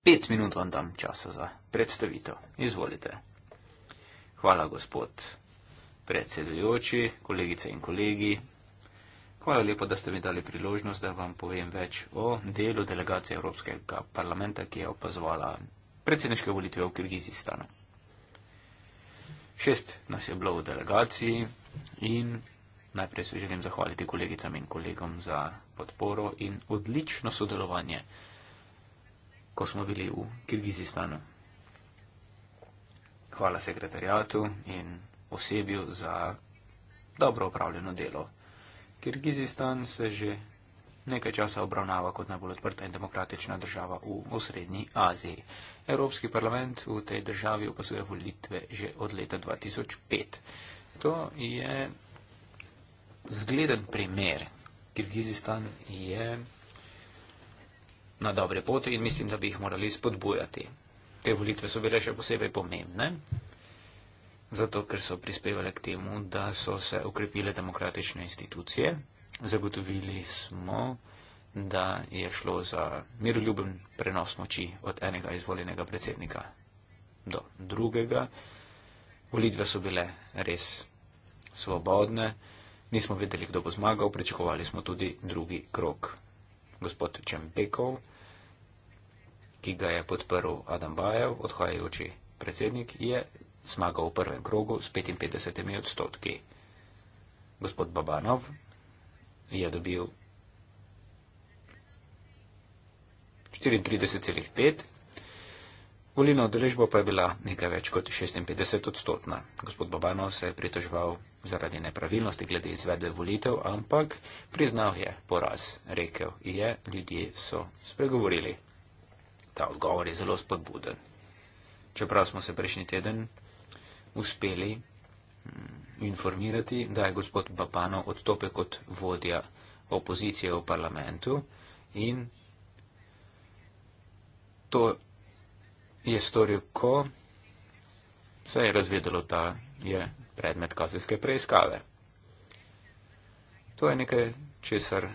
Pet minut vam dam časa za predstavitev. Izvolite. Hvala, gospod predsedujoči, kolegice in kolegi. Hvala lepo, da ste mi dali priložnost, da vam povem več o delu delegacije Evropskega parlamenta, ki je opazovala predsedniške volitve v Kyrgyzstanu. Šest nas je bilo v delegaciji in najprej se želim zahvaliti kolegicam in kolegom za podporo in odlično sodelovanje ko smo bili v Kirgizistanu. Hvala sekretarijatu in osebju za dobro upravljeno delo. Kirgizistan se že nekaj časa obravnava kot najbolj odprta in demokratična država v osrednji Aziji. Evropski parlament v tej državi opazuje volitve že od leta 2005. To je zgleden primer. Kirgizistan je na dobre poti in mislim, da bi jih morali spodbujati. Te volitve so bile še posebej pomembne, zato ker so prispevale k temu, da so se ukrepile demokratične institucije. Zagotovili smo, da je šlo za miroljuben prenos moči od enega izvoljenega predsednika do drugega. Volitve so bile res svobodne, nismo vedeli, kdo bo zmagal, pričakovali smo tudi drugi krok gospod Čempekov, ki ga je podprl Adam Bajev, odhajajoči predsednik, je zmagal v prvem krogu s 55 odstotki. Gospod Babanov je dobil 34,5, volilna odeležba pa je bila nekaj več kot 56 odstotna. Gospod Babanov se je pritoževal zaradi nepravilnosti glede izvedbe volitev, ampak priznal je poraz, rekel je, ljudje so spregovorili. Ta odgovor je zelo spodbuden. Čeprav smo se prejšnji teden uspeli mm, informirati, da je gospod Bapano odstopil kot vodja opozicije v parlamentu in to je storil, ko se je razvedelo, da je predmet kazenske preiskave. To je nekaj, česar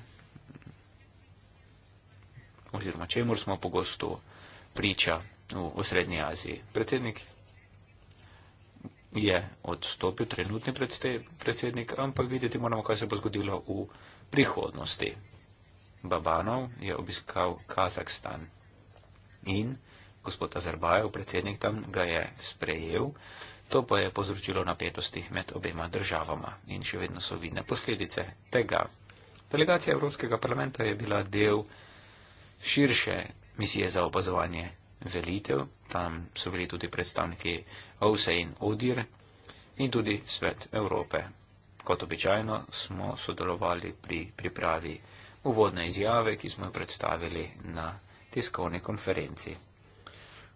oziroma čemur smo pogosto priča v, v Srednji Aziji. Predsednik je odstopil, trenutni predste, predsednik, ampak videti moramo, kaj se bo zgodilo v prihodnosti. Babanov je obiskal Kazahstan in gospod Azerbajev, predsednik tam, ga je sprejel. To pa je povzročilo napetosti med obema državama in še vedno so vidne posledice tega. Delegacija Evropskega parlamenta je bila del širše misije za opazovanje velitev, tam so bili tudi predstavniki OSE in ODIR in tudi Svet Evrope. Kot običajno smo sodelovali pri pripravi uvodne izjave, ki smo jo predstavili na tiskovni konferenci.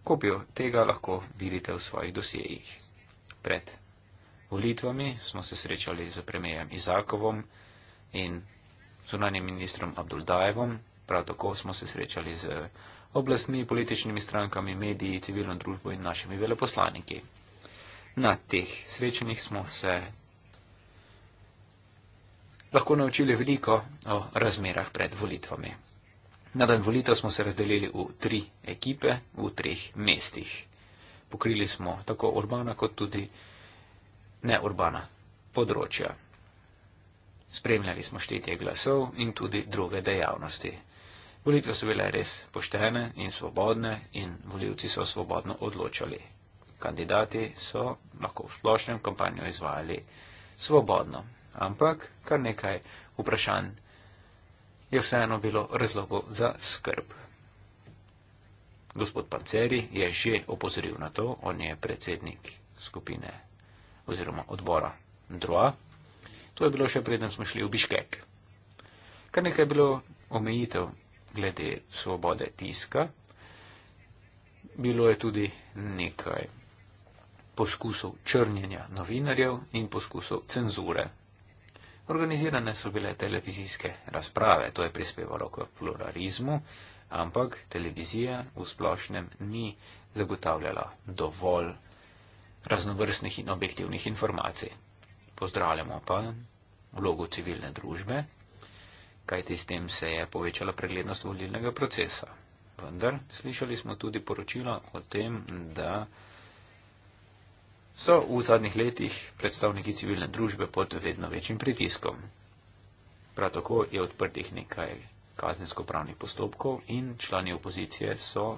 Kopijo tega lahko vidite v svojih dosjejih pred volitvami, smo se srečali z premijem Izakovom in zunanjim ministrom Abduldajevom, prav tako smo se srečali z oblastmi, političnimi strankami, mediji, civilno družbo in našimi veleposlaniki. Na teh srečanjih smo se lahko naučili veliko o razmerah pred volitvami. Na dan volitev smo se razdelili v tri ekipe v treh mestih pokrili smo tako urbana kot tudi neurbana področja. Spremljali smo štetje glasov in tudi druge dejavnosti. Volitve so bile res poštene in svobodne in volivci so svobodno odločali. Kandidati so lahko v splošnem kampanju izvajali svobodno, ampak kar nekaj vprašanj je vseeno bilo razlogov za skrb. Gospod Panceri je že opozoril na to, on je predsednik skupine oziroma odbora DROA. To je bilo še preden smo šli v Biškek. Kar nekaj je bilo omejitev glede svobode tiska, bilo je tudi nekaj poskusov črnjenja novinarjev in poskusov cenzure. Organizirane so bile televizijske razprave, to je prispevalo k pluralizmu, ampak televizija v splošnem ni zagotavljala dovolj raznovrstnih in objektivnih informacij. Pozdravljamo pa vlogo civilne družbe, kajti s tem se je povečala preglednost volilnega procesa. Vendar slišali smo tudi poročila o tem, da so v zadnjih letih predstavniki civilne družbe pod vedno večjim pritiskom. Prav tako je odprtih nekaj kazensko-pravnih postopkov in člani opozicije so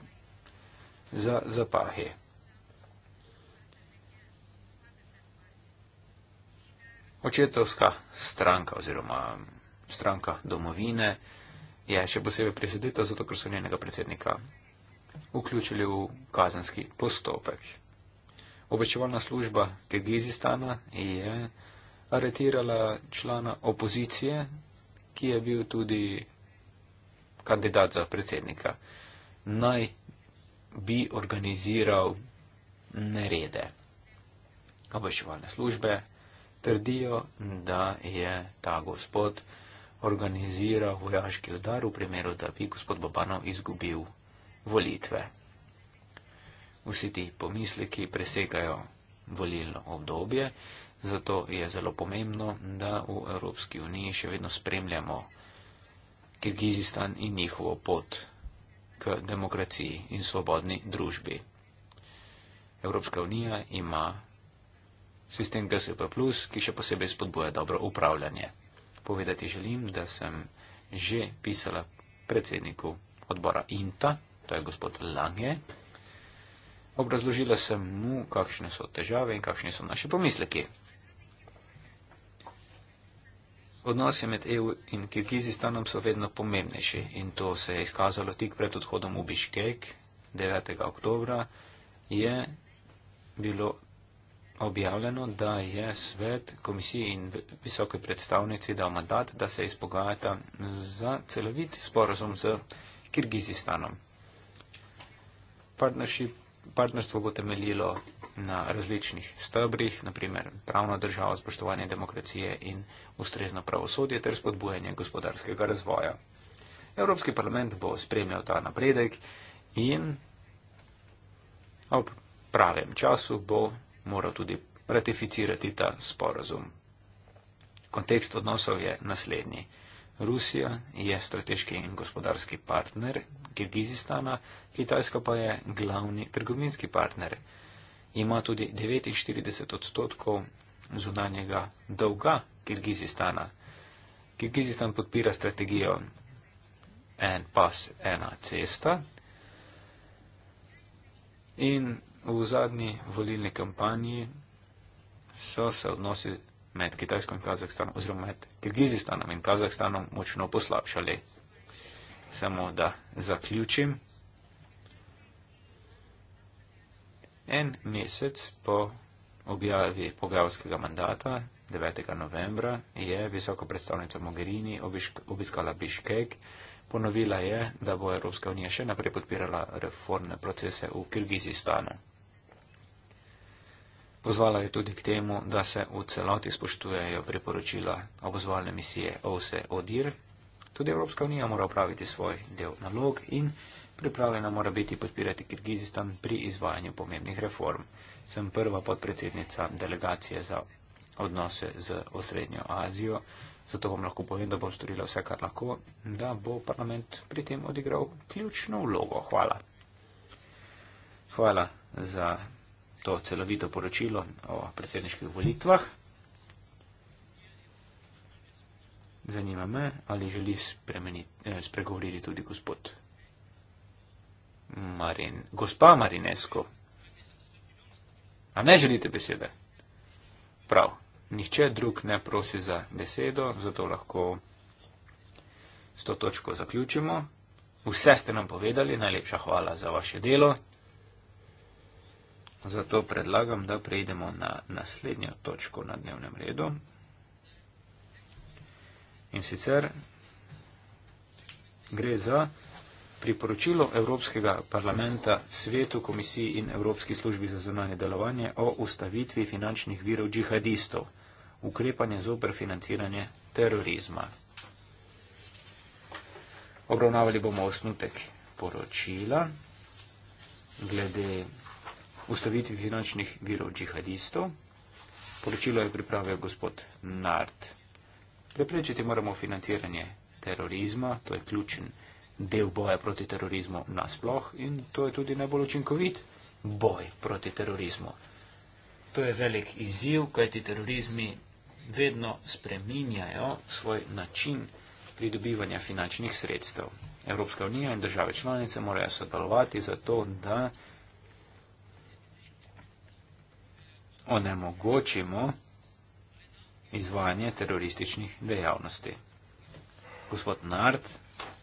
za zapahe. Očetovska stranka oziroma stranka domovine je še posebej prizadeta, zato ker so njenega predsednika vključili v kazenski postopek. Obečevalna služba Kegizistana je aretirala člana opozicije, ki je bil tudi kandidat za predsednika, naj bi organiziral nerede obveščevalne službe. Trdijo, da je ta gospod organiziral vojaški udar v primeru, da bi gospod Bobanov izgubil volitve. Vsi ti pomisleki presegajo volilno obdobje, zato je zelo pomembno, da v Evropski uniji še vedno spremljamo Kirgizistan in njihovo pot k demokraciji in svobodni družbi. Evropska unija ima sistem GSP, ki še posebej spodbuja dobro upravljanje. Povedati želim, da sem že pisala predsedniku odbora INTA, to je gospod Lange. Obrazložila sem mu, kakšne so težave in kakšni so naše pomisleki. Odnosi med EU in Kirgizistanom so vedno pomembnejši in to se je izkazalo tik pred odhodom v Biškek 9. oktobra. Je bilo objavljeno, da je svet komisiji in visoke predstavnici dal mandat, da se izpogajata za celovit sporozum z Kirgizistanom. Partnership partnerstvo bo temeljilo na različnih stebrih, naprimer pravna država, spoštovanje demokracije in ustrezno pravosodje ter spodbujanje gospodarskega razvoja. Evropski parlament bo spremljal ta napredek in ob pravem času bo moral tudi ratificirati ta sporazum. Kontekst odnosov je naslednji. Rusija je strateški in gospodarski partner Kirgizistana, Kitajska pa je glavni trgovinski partner. Ima tudi 49 odstotkov zunanjega dolga Kirgizistana. Kirgizistan podpira strategijo en pas, ena cesta. In v zadnji volilni kampanji so se odnosi med Kitajsko in Kazahstanom oziroma med Kirgizistanom in Kazahstanom močno poslabšali samo da zaključim. En mesec po objavi pogajalskega mandata, 9. novembra, je visoko predstavnica Mogherini obiskala Biškek. Ponovila je, da bo Evropska unija še naprej podpirala reformne procese v Kirgizistanu. Pozvala je tudi k temu, da se v celoti spoštujejo priporočila obozvalne misije OSE-ODIR, Tudi Evropska unija mora upraviti svoj del nalog in pripravljena mora biti podpirati Kirgizistan pri izvajanju pomembnih reform. Sem prva podpredsednica delegacije za odnose z osrednjo Azijo, zato vam lahko povem, da bom storila vse, kar lahko, da bo parlament pri tem odigral ključno vlogo. Hvala. Hvala za to celovito poročilo o predsedniških volitvah. Zanima me, ali želi eh, spregovoriti tudi gospod Marin. Gospa Marinesko. A ne želite besede? Prav. Nihče drug ne prosi za besedo, zato lahko s to točko zaključimo. Vse ste nam povedali, najlepša hvala za vaše delo. Zato predlagam, da preidemo na naslednjo točko na dnevnem redu, In sicer gre za priporočilo Evropskega parlamenta svetu, komisiji in Evropski službi za zunanje delovanje o ustavitvi finančnih virov džihadistov, ukrepanje zopr financiranje terorizma. Obravnavali bomo osnutek poročila glede ustavitvi finančnih virov džihadistov. Poročilo je pripravil gospod Nart. Preprečiti moramo financiranje terorizma, to je ključen del boja proti terorizmu nasploh in to je tudi najbolj učinkovit boj proti terorizmu. To je velik izziv, kajti terorizmi vedno spreminjajo svoj način pridobivanja finančnih sredstev. Evropska unija in države članice morajo sodelovati za to, da onemogočimo izvajanje terorističnih dejavnosti. Gospod Nard,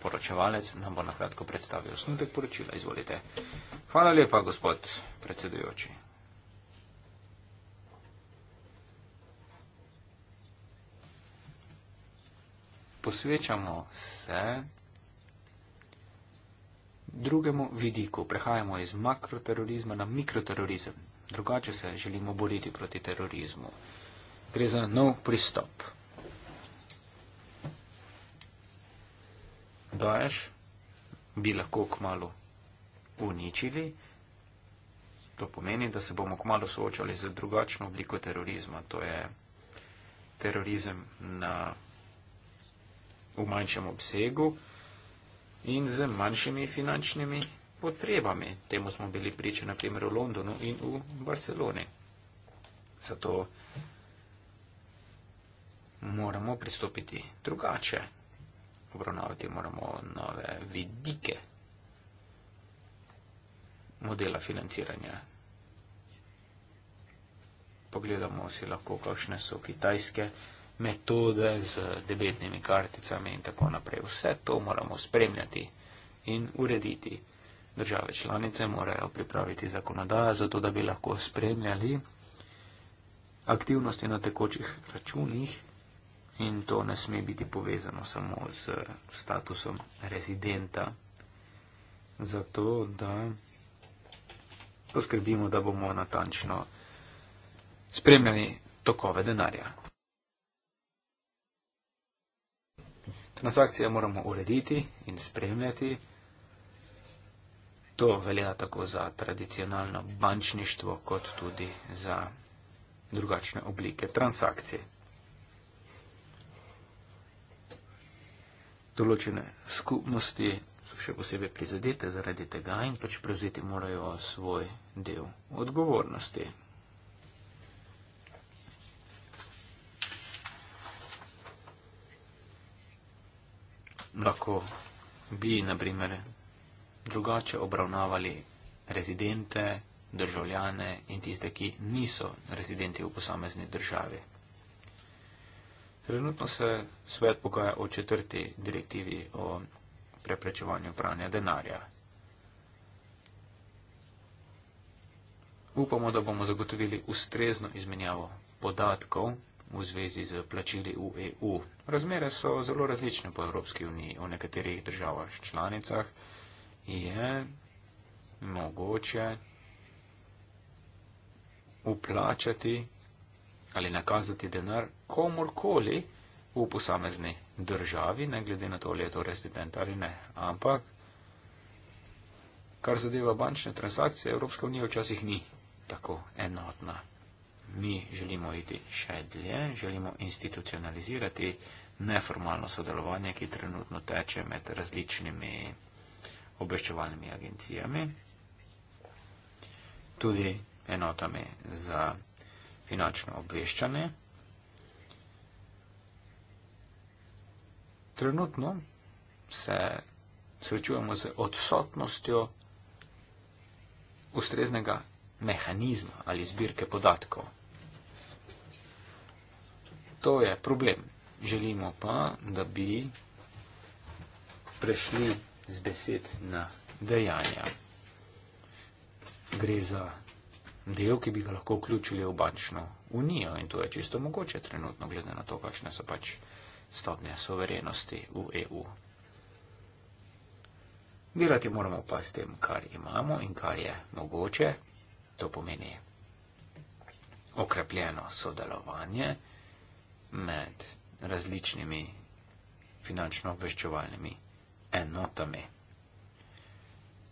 poročevalec, nam bo nakratko predstavil osnutek poročila. Izvolite. Hvala lepa, gospod predsedujoči. Posvečamo se drugemu vidiku. Prehajamo iz makroterorizma na mikroterorizem. Drugače se želimo boriti proti terorizmu gre za nov pristop. Daješ bi lahko kmalo uničili. To pomeni, da se bomo kmalo soočali z drugačno obliko terorizma. To je terorizem na, v manjšem obsegu in z manjšimi finančnimi potrebami. Temu smo bili priča naprimer v Londonu in v Barceloni. Zato moramo pristopiti drugače, obravnavati moramo nove vidike modela financiranja. Pogledamo si lahko, kakšne so kitajske metode z debetnimi karticami in tako naprej. Vse to moramo spremljati in urediti. Države članice morajo pripraviti zakonodajo, zato da bi lahko spremljali aktivnosti na tekočih računih in to ne sme biti povezano samo z statusom rezidenta. Zato, da poskrbimo, da bomo natančno spremljali tokove denarja. Transakcije moramo urediti in spremljati. To velja tako za tradicionalno bančništvo, kot tudi za drugačne oblike transakcij. določene skupnosti so še posebej prizadete zaradi tega in pač prevzeti morajo svoj del odgovornosti. Lahko bi, na primer, drugače obravnavali rezidente, državljane in tiste, ki niso rezidenti v posamezni državi. Trenutno se svet pogaja o četrti direktivi o preprečevanju pranja denarja. Upamo, da bomo zagotovili ustrezno izmenjavo podatkov v zvezi z plačili v EU. Razmere so zelo različne po Evropski uniji. V nekaterih državah članicah je mogoče uplačati ali nakazati denar komorkoli v posamezni državi, ne glede na to, ali je to rezident ali ne. Ampak, kar zadeva bančne transakcije, Evropska unija včasih ni tako enotna. Mi želimo iti še dlje, želimo institucionalizirati neformalno sodelovanje, ki trenutno teče med različnimi obveščevalnimi agencijami, tudi enotami za finančno obveščanje. Trenutno se srečujemo z odsotnostjo ustreznega mehanizma ali zbirke podatkov. To je problem. Želimo pa, da bi prešli z besed na dejanja. Gre za del, ki bi ga lahko vključili v bančno unijo in to je čisto mogoče trenutno, glede na to, kakšne so pač stopnje soverenosti v EU. Delati moramo pa s tem, kar imamo in kar je mogoče. To pomeni okrepljeno sodelovanje med različnimi finančno obveščevalnimi enotami.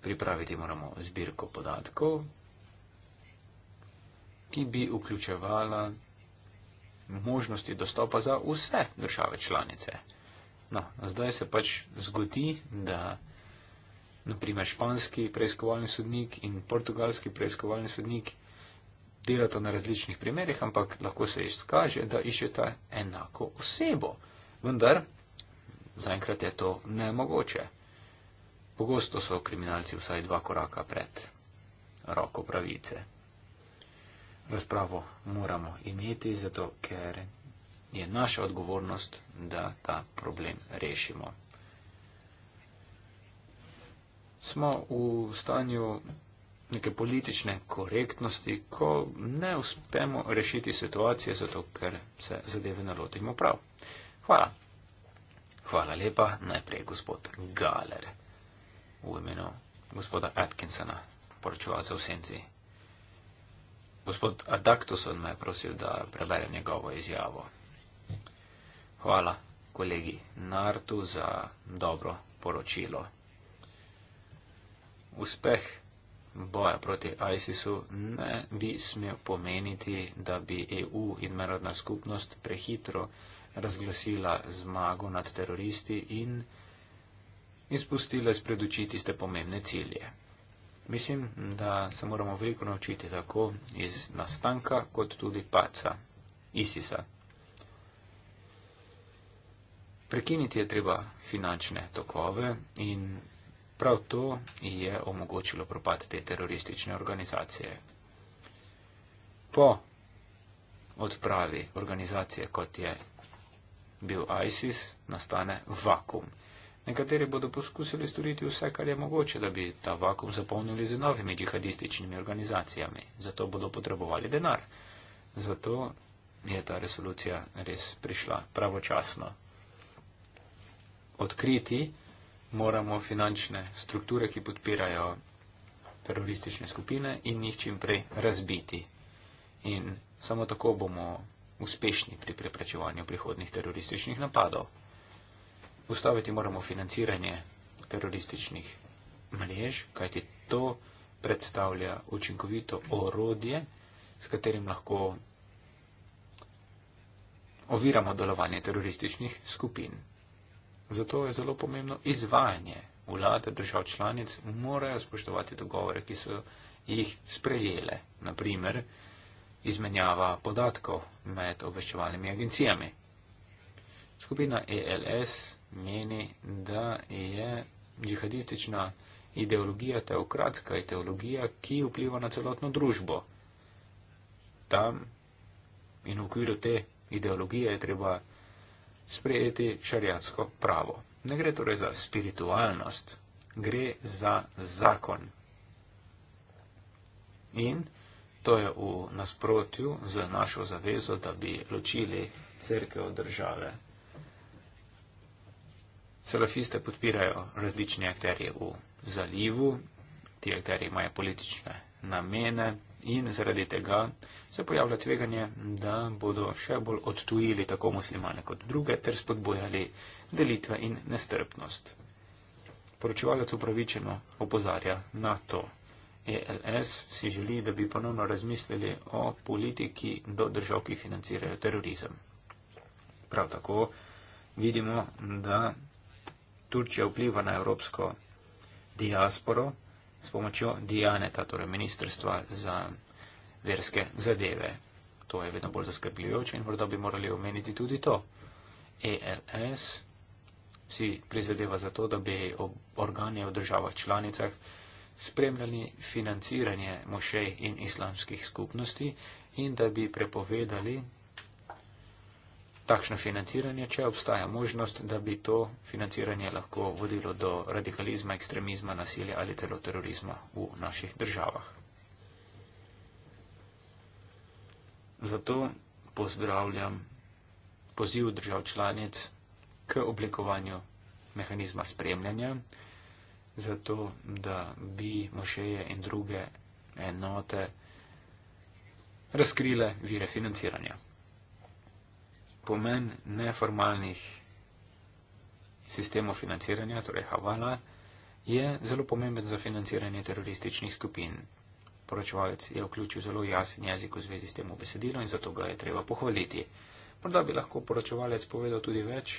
Pripraviti moramo zbirko podatkov, ki bi vključevala možnosti dostopa za vse države članice. No, zdaj se pač zgodi, da naprimer španski preiskovalni sodnik in portugalski preiskovalni sodnik delata na različnih primerjih, ampak lahko se izkaže, da iščeta enako osebo. Vendar, zaenkrat je to nemogoče. Pogosto so kriminalci vsaj dva koraka pred roko pravice razpravo moramo imeti, zato ker je naša odgovornost, da ta problem rešimo. Smo v stanju neke politične korektnosti, ko ne uspemo rešiti situacije, zato ker se zadeve nalotimo prav. Hvala. Hvala lepa najprej gospod Galer v imenu gospoda Atkinsona, poročevalca v senci. Gospod Adaktuson me je prosil, da preberem njegovo izjavo. Hvala, kolegi Nartu, za dobro poročilo. Uspeh boja proti ISIS-u ne bi smel pomeniti, da bi EU in mednarodna skupnost prehitro razglasila zmago nad teroristi in izpustile spred oči tiste pomembne cilje. Mislim, da se moramo veliko naučiti tako iz nastanka, kot tudi paca, Isisa. Prekiniti je treba finančne tokove in prav to je omogočilo propad te teroristične organizacije. Po odpravi organizacije, kot je bil ISIS, nastane vakum. Nekateri bodo poskusili storiti vse, kar je mogoče, da bi ta vakum zapolnili z novimi džihadističnimi organizacijami. Zato bodo potrebovali denar. Zato je ta resolucija res prišla pravočasno. Odkriti moramo finančne strukture, ki podpirajo teroristične skupine in jih čim prej razbiti. In samo tako bomo uspešni pri preprečevanju prihodnih terorističnih napadov. Ustaviti moramo financiranje terorističnih mrež, kajti to predstavlja učinkovito orodje, s katerim lahko oviramo delovanje terorističnih skupin. Zato je zelo pomembno izvajanje. Vlade držav članic morajo spoštovati dogovore, ki so jih sprejele, naprimer izmenjava podatkov med obveščevalnimi agencijami. Skupina ELS meni, da je džihadistična ideologija teokratska ideologija, ki vpliva na celotno družbo. Tam in v okviru te ideologije je treba sprejeti šariatsko pravo. Ne gre torej za spiritualnost, gre za zakon. In to je v nasprotju z našo zavezo, da bi ločili crkve od države. Salafiste podpirajo različni akteri v zalivu, ti akteri imajo politične namene in zaradi tega se pojavlja tveganje, da bodo še bolj odtujili tako muslimane kot druge ter spodbojali delitve in nestrpnost. Poročevalec upravičeno opozarja na to. ELS si želi, da bi ponovno razmislili o politiki do držav, ki financirajo terorizem. Prav tako vidimo, da Turčija vpliva na evropsko diasporo s pomočjo Dijaneta, torej Ministrstva za verske zadeve. To je vedno bolj zaskrbljujoče in morda bi morali omeniti tudi to. ELS si prizadeva za to, da bi organi v državah članicah spremljali financiranje mošej in islamskih skupnosti in da bi prepovedali takšno financiranje, če obstaja možnost, da bi to financiranje lahko vodilo do radikalizma, ekstremizma, nasilja ali celo terorizma v naših državah. Zato pozdravljam poziv držav članic k oblikovanju mehanizma spremljanja, zato da bi mošeje in druge enote razkrile vire financiranja pomen neformalnih sistemov financiranja, torej Havala, je zelo pomemben za financiranje terorističnih skupin. Poročevalec je vključil zelo jasen jezik v zvezi s tem besedilom in zato ga je treba pohvaliti. Morda bi lahko poročevalec povedal tudi več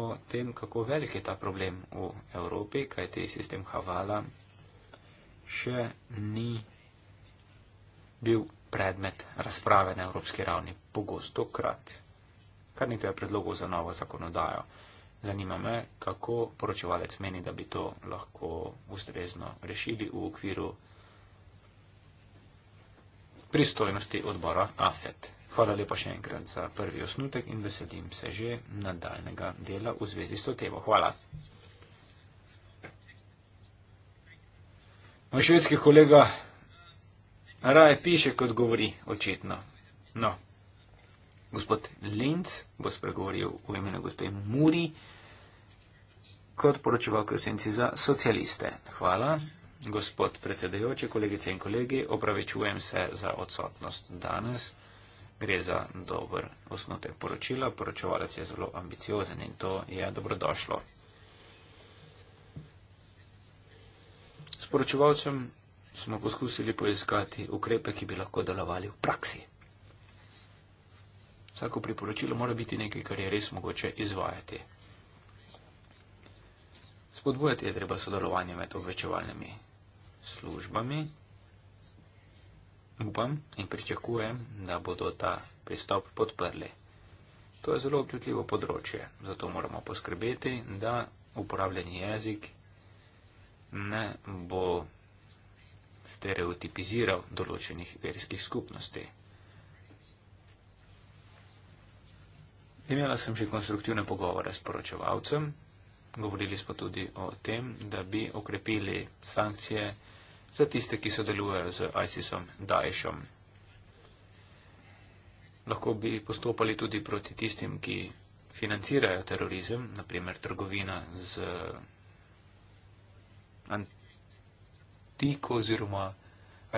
o tem, kako velik je ta problem v Evropi, kaj te sistem Havala še ni bil predmet razprave na evropski ravni pogosto krat kar nekaj predlogov za novo zakonodajo. Zanima me, kako poročevalec meni, da bi to lahko ustrezno rešili v okviru pristojnosti odbora AFET. Hvala lepa še enkrat za prvi osnutek in veselim se že nadaljnega dela v zvezi s to temo. Hvala. Moj švedski kolega raje piše, kot govori, očitno. No gospod Lind bo spregovoril v imenu gospe Muri kot poročeval krsenci za socialiste. Hvala, gospod predsedajoči, kolegice in kolegi, opravičujem se za odsotnost danes. Gre za dober osnotek poročila, poročevalec je zelo ambiciozen in to je dobrodošlo. S poročevalcem smo poskusili poiskati ukrepe, ki bi lahko delovali v praksi. Vsako priporočilo mora biti nekaj, kar je res mogoče izvajati. Spodbujati je treba sodelovanje med obvečevalnimi službami. Upam in pričakujem, da bodo ta pristop podprli. To je zelo občutljivo področje, zato moramo poskrbeti, da uporabljeni jezik ne bo stereotipiziral določenih verskih skupnosti. Imela sem že konstruktivne pogovore s poročevalcem, govorili smo tudi o tem, da bi okrepili sankcije za tiste, ki sodelujejo z ISIS-om Daješom. Lahko bi postopali tudi proti tistim, ki financirajo terorizem, naprimer trgovina z antiko oziroma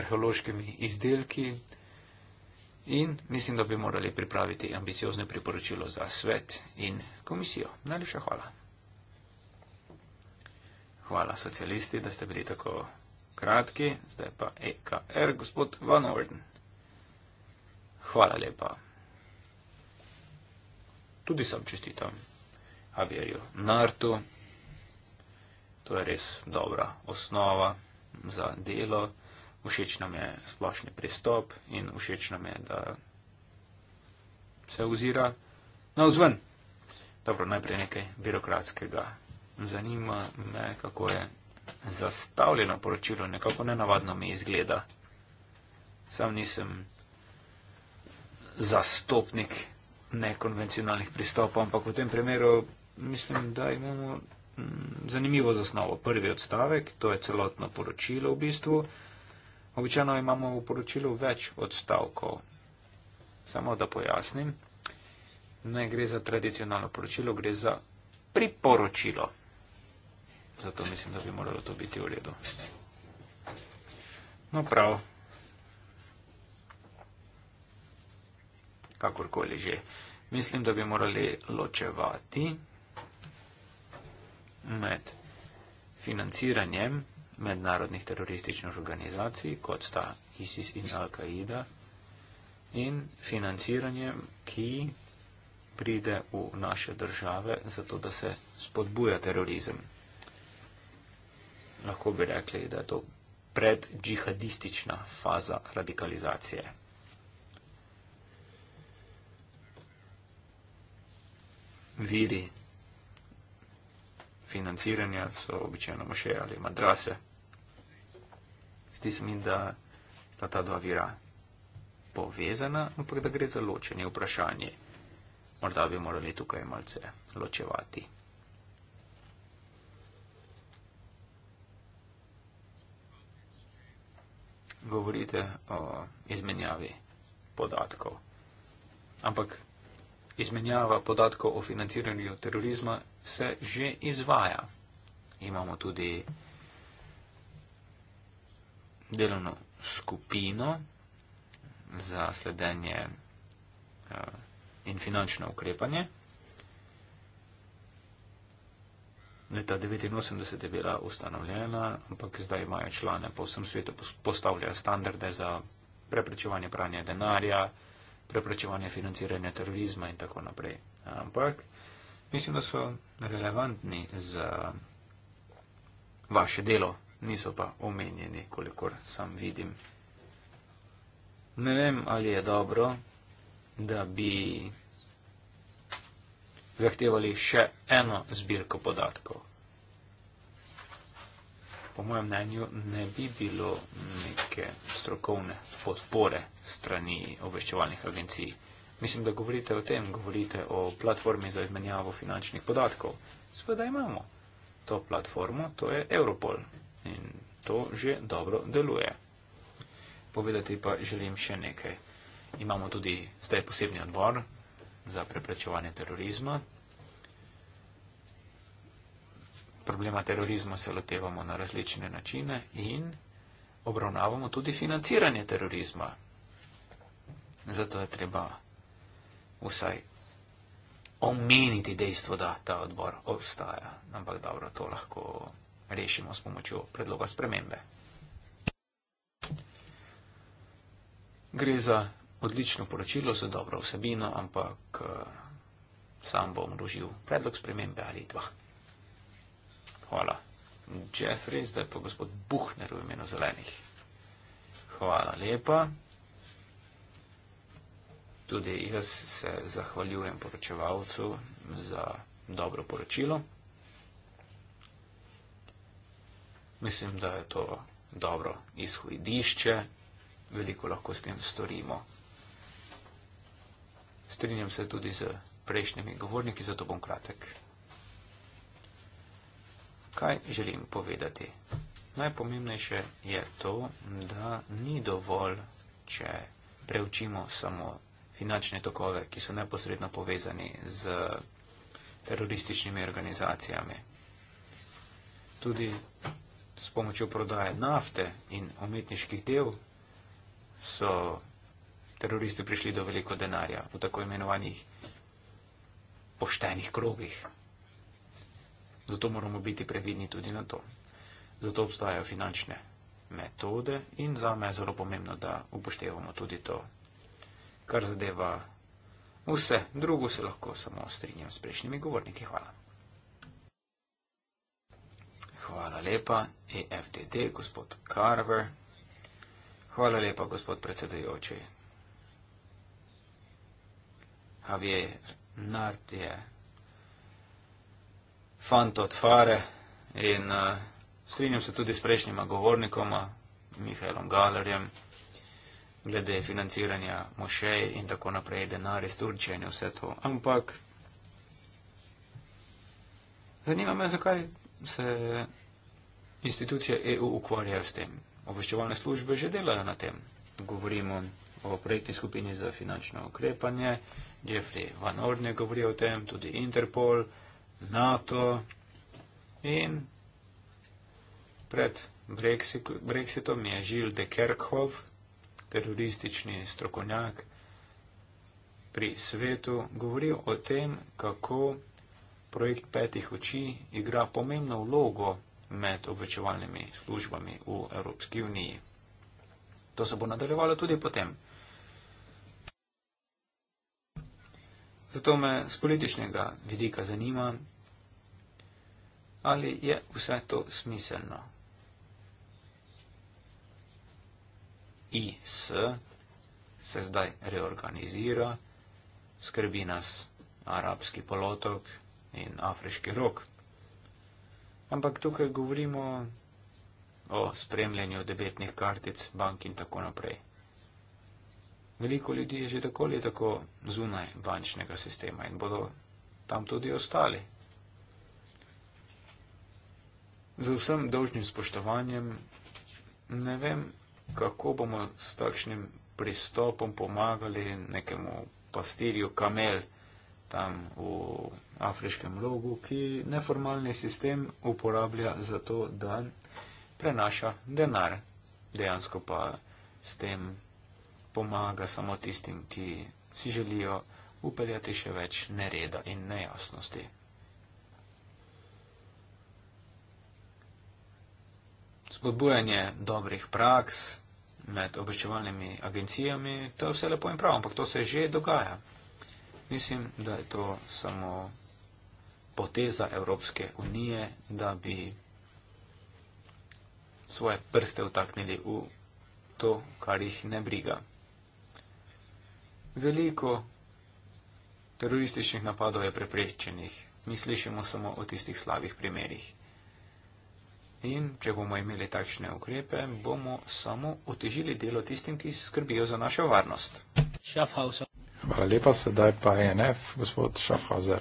arheološkimi izdelki in mislim, da bi morali pripraviti ambiciozno priporočilo za svet in komisijo. Najlepša hvala. Hvala socialisti, da ste bili tako kratki. Zdaj pa EKR, gospod Van Orden. Hvala lepa. Tudi sam čestitam Javierju Nartu. To je res dobra osnova za delo. Všeč nam je splošni pristop in všeč nam je, da se ozira navzven. Dobro, najprej nekaj birokratskega. Zanima me, kako je zastavljeno poročilo, nekako nenavadno mi izgleda. Sam nisem zastopnik nekonvencionalnih pristopov, ampak v tem primeru mislim, da imamo mm, zanimivo zasnovo. Prvi odstavek, to je celotno poročilo v bistvu. Običajno imamo v poročilu več odstavkov. Samo da pojasnim, ne gre za tradicionalno poročilo, gre za priporočilo. Zato mislim, da bi moralo to biti v redu. No prav. Kakorkoli že. Mislim, da bi morali ločevati med financiranjem mednarodnih terorističnih organizacij, kot sta ISIS in Al-Qaida, in financiranjem, ki pride v naše države, zato da se spodbuja terorizem. Lahko bi rekli, da je to predžihadistična faza radikalizacije. Viri financiranja so običajno mošeje ali madrase. Zdi se mi, da sta ta dva vira povezana, ampak da gre za ločene vprašanje. Morda bi morali tukaj malce ločevati. Govorite o izmenjavi podatkov. Ampak izmenjava podatkov o financiranju terorizma se že izvaja. Imamo tudi delovno skupino za sledenje eh, in finančno ukrepanje. Leta 1989 je bila ustanovljena, ampak zdaj imajo člane po vsem svetu, postavljajo standarde za preprečevanje pranja denarja, preprečevanje financiranja terorizma in tako naprej. Ampak mislim, da so relevantni za vaše delo niso pa omenjeni, kolikor sam vidim. Ne vem, ali je dobro, da bi zahtevali še eno zbirko podatkov. Po mojem mnenju ne bi bilo neke strokovne podpore strani obveščevalnih agencij. Mislim, da govorite o tem, govorite o platformi za izmenjavo finančnih podatkov. Sveda imamo to platformo, to je Europol. In to že dobro deluje. Povedati pa želim še nekaj. Imamo tudi zdaj posebni odbor za preprečevanje terorizma. Problema terorizma se lotevamo na različne načine in obravnavamo tudi financiranje terorizma. Zato je treba vsaj omeniti dejstvo, da ta odbor obstaja. Ampak dobro, to lahko rešimo s pomočjo predloga spremembe. Gre za odlično poročilo z dobro vsebino, ampak eh, sam bom vložil predlog spremembe ali dva. Hvala. Jeffrey, zdaj pa gospod Buhner v imenu zelenih. Hvala lepa. Tudi jaz se zahvaljujem poročevalcu za dobro poročilo. mislim, da je to dobro izhodišče, veliko lahko s tem storimo. Strinjam se tudi z prejšnjimi govorniki, zato bom kratek. Kaj želim povedati? Najpomembnejše je to, da ni dovolj, če preučimo samo finančne tokove, ki so neposredno povezani z terorističnimi organizacijami. Tudi s pomočjo prodaje nafte in umetniških del so teroristi prišli do veliko denarja v tako imenovanih poštenih krogih. Zato moramo biti previdni tudi na to. Zato obstajajo finančne metode in za me je zelo pomembno, da upoštevamo tudi to, kar zadeva vse. Drugo se lahko samo strinjam s prejšnjimi govorniki. Hvala. Hvala lepa, EFDD, gospod Carver. Hvala lepa, gospod predsedujoči. Javier Nart je fant od fare in uh, strinjam se tudi s prejšnjima govornikoma, Mihajlom Galerjem, glede financiranja mošej in tako naprej, denar iz Turčije in vse to. Ampak zanima me, zakaj se institucije EU ukvarjajo s tem. Obveščevalne službe že delajo na tem. Govorimo o projektni skupini za finančno ukrepanje, Jeffrey Van Orden je govoril o tem, tudi Interpol, NATO in pred Brexitom je žil de Kerkhov, teroristični strokovnjak pri svetu, govoril o tem, kako projekt petih oči igra pomembno vlogo med obvečevalnimi službami v Evropski uniji. To se bo nadaljevalo tudi potem. Zato me z političnega vidika zanima, ali je vse to smiselno. IS se zdaj reorganizira, skrbi nas arabski polotok in afriški rok ampak tukaj govorimo o spremljanju debetnih kartic, bank in tako naprej. Veliko ljudi je že tako ali tako zunaj bančnega sistema in bodo tam tudi ostali. Z vsem dolžnim spoštovanjem ne vem, kako bomo s takšnim pristopom pomagali nekemu pastirju kamel tam v afriškem logu, ki neformalni sistem uporablja za to, da prenaša denar. Dejansko pa s tem pomaga samo tistim, ki si želijo upeljati še več nereda in nejasnosti. Spodbujanje dobrih praks med obveščevalnimi agencijami, to je vse lepo in prav, ampak to se že dogaja. Mislim, da je to samo poteza Evropske unije, da bi svoje prste vtaknili v to, kar jih ne briga. Veliko terorističnih napadov je preprečenih. Mi slišimo samo o tistih slabih primerih. In če bomo imeli takšne ukrepe, bomo samo otežili delo tistim, ki skrbijo za našo varnost. Šafausa. Hvala lepa, sedaj pa ENF, gospod Šafhauser.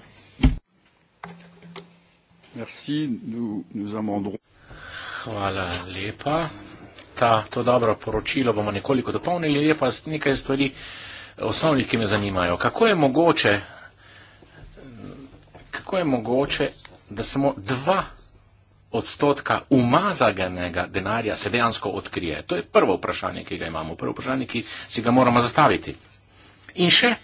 Hvala lepa. Ta, to dobro poročilo bomo nekoliko dopolnili, je pa nekaj stvari osnovnih, ki me zanimajo. Kako je mogoče, kako je mogoče da samo dva odstotka umazanega denarja se dejansko odkrije? To je prvo vprašanje, ki ga imamo, prvo vprašanje, ki si ga moramo zastaviti. In še,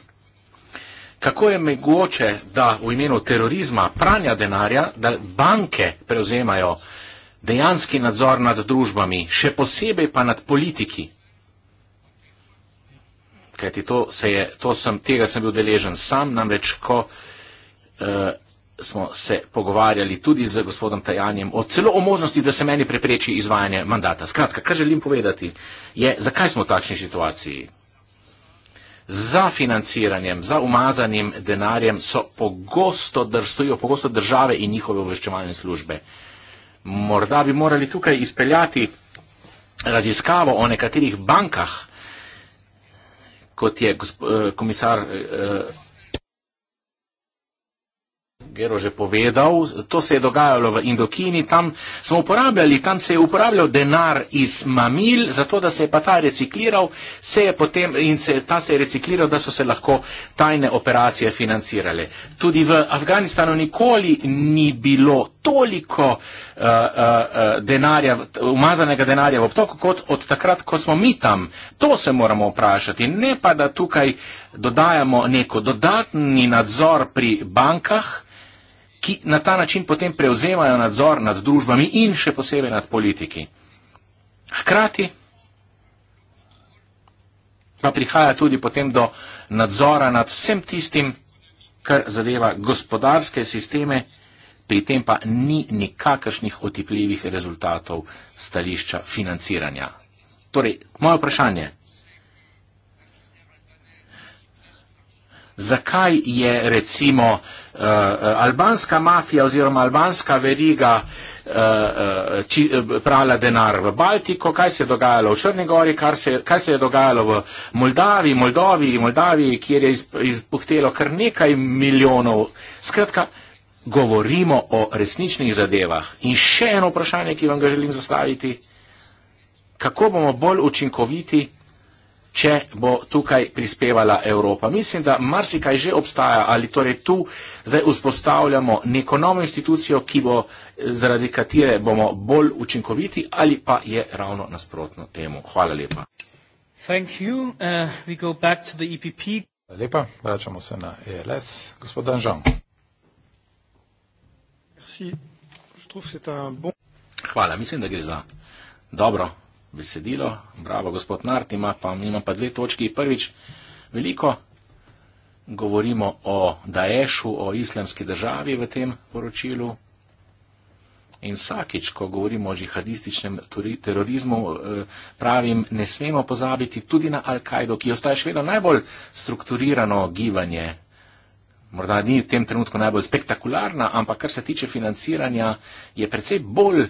kako je mogoče, da v imenu terorizma, pranja denarja, da banke prevzemajo dejanski nadzor nad družbami, še posebej pa nad politiki. Kajti to se je, to sem, tega sem bil deležen sam, namreč ko eh, smo se pogovarjali tudi z gospodom Tajanjem o celo o možnosti, da se meni prepreči izvajanje mandata. Skratka, kar želim povedati je, zakaj smo v takšni situaciji za financiranjem, za umazanim denarjem so pogosto drstujo, pogosto države in njihove obveščevalne službe. Morda bi morali tukaj izpeljati raziskavo o nekaterih bankah, kot je eh, komisar eh, Gero že povedal, to se je dogajalo v Indokini, tam smo uporabljali, tam se je uporabljal denar iz mamil, zato da se je pa ta recikliral se je potem, in se, ta se je recikliral, da so se lahko tajne operacije financirale. Tudi v Afganistanu nikoli ni bilo toliko uh, uh, denarja, umazanega denarja v obtoku, kot od takrat, ko smo mi tam. To se moramo vprašati, ne pa da tukaj dodajamo neko dodatni nadzor pri bankah, ki na ta način potem prevzemajo nadzor nad družbami in še posebej nad politiki. Hkrati pa prihaja tudi potem do nadzora nad vsem tistim, kar zadeva gospodarske sisteme, pri tem pa ni nikakršnih otipljivih rezultatov stališča financiranja. Torej, moje vprašanje je, zakaj je recimo uh, albanska mafija oziroma albanska veriga uh, uh, prala denar v Baltiko, kaj se je dogajalo v Črnegori, kaj se je dogajalo v Moldavi, Moldovi, Moldaviji, kjer je izpuhtelo kar nekaj milijonov. Skratka, govorimo o resničnih zadevah. In še eno vprašanje, ki vam ga želim zastaviti. Kako bomo bolj učinkoviti če bo tukaj prispevala Evropa. Mislim, da marsikaj že obstaja ali torej tu zdaj vzpostavljamo neko novo institucijo, ki bo zaradi katere bomo bolj učinkoviti ali pa je ravno nasprotno temu. Hvala lepa. Uh, e Hvala lepa. Vračamo se na ELS. Gospod Danžan. Hvala, mislim, da gre za dobro besedilo. Bravo, gospod Nartima, pa imam pa dve točki. Prvič, veliko govorimo o Daešu, o islamski državi v tem poročilu. In vsakič, ko govorimo o džihadističnem terorizmu, eh, pravim, ne smemo pozabiti tudi na Al-Kaido, ki ostaja še vedno najbolj strukturirano gibanje. Morda ni v tem trenutku najbolj spektakularna, ampak kar se tiče financiranja, je precej bolj uh,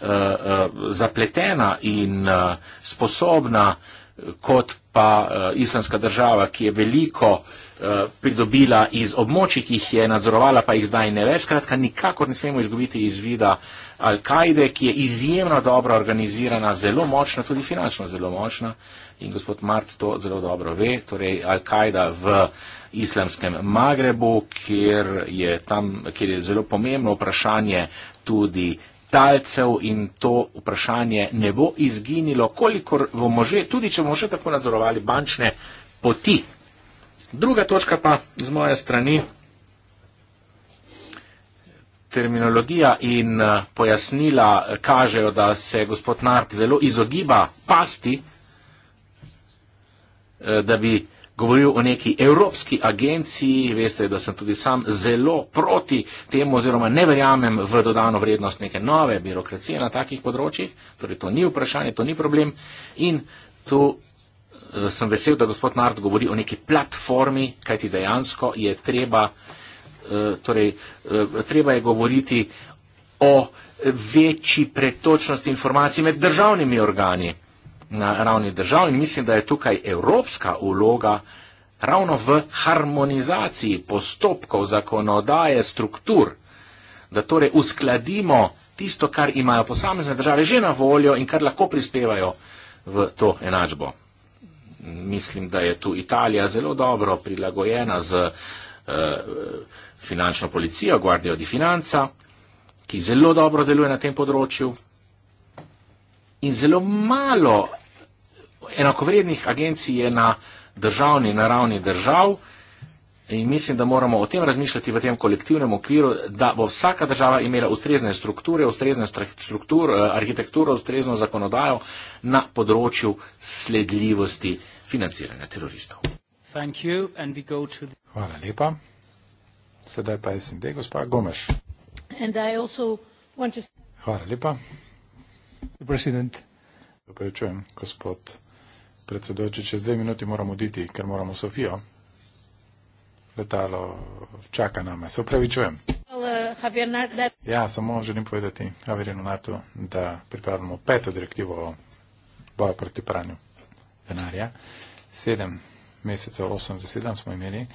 Eh, eh, zapletena in eh, sposobna kot pa islamska država, ki je veliko pridobila iz območij, ki jih je nadzorovala, pa jih zdaj ne več. Skratka, nikakor ne smemo izgubiti iz vida Al-Kaide, ki je izjemno dobro organizirana, zelo močna, tudi finančno zelo močna in gospod Mart to zelo dobro ve, torej Al-Kaida v islamskem Magrebu, kjer je, tam, kjer je zelo pomembno vprašanje tudi talcev in to vprašanje ne bo izginilo, kolikor bomo že, tudi če bomo še tako nadzorovali bančne poti. Druga točka pa z moje strani, terminologija in eh, pojasnila eh, kažejo, da se gospod Nart zelo izogiba pasti, eh, da bi govoril o neki evropski agenciji, veste, da sem tudi sam zelo proti temu oziroma ne verjamem v dodano vrednost neke nove birokracije na takih področjih, torej to ni vprašanje, to ni problem in tu eh, sem vesel, da gospod Nard govori o neki platformi, kajti dejansko je treba, eh, torej, eh, treba je govoriti o večji pretočnosti informacij med državnimi organi na ravni držav in mislim, da je tukaj evropska uloga ravno v harmonizaciji postopkov, zakonodaje, struktur, da torej uskladimo tisto, kar imajo posamezne države že na voljo in kar lahko prispevajo v to enačbo. Mislim, da je tu Italija zelo dobro prilagojena z uh, finančno policijo, Guardia di Financa, ki zelo dobro deluje na tem področju. In zelo malo enakovrednih agencij je na državni, na ravni držav. In mislim, da moramo o tem razmišljati v tem kolektivnem okviru, da bo vsaka država imela ustrezne strukture, ustrezne struktur, eh, arhitekturo, ustrezno zakonodajo na področju sledljivosti financiranja teroristov. Hvala lepa. Sedaj pa SND, gospa Gomeš. Hvala lepa. President. Prečujem, gospod predsedujoči, čez dve minuti moramo oditi, ker moramo Sofijo. Letalo čaka name. Se upravičujem. Ja, samo želim povedati Haverinu Natu, da pripravljamo peto direktivo o boju proti pranju denarja. Sedem mesecev, osem za sedem smo imeli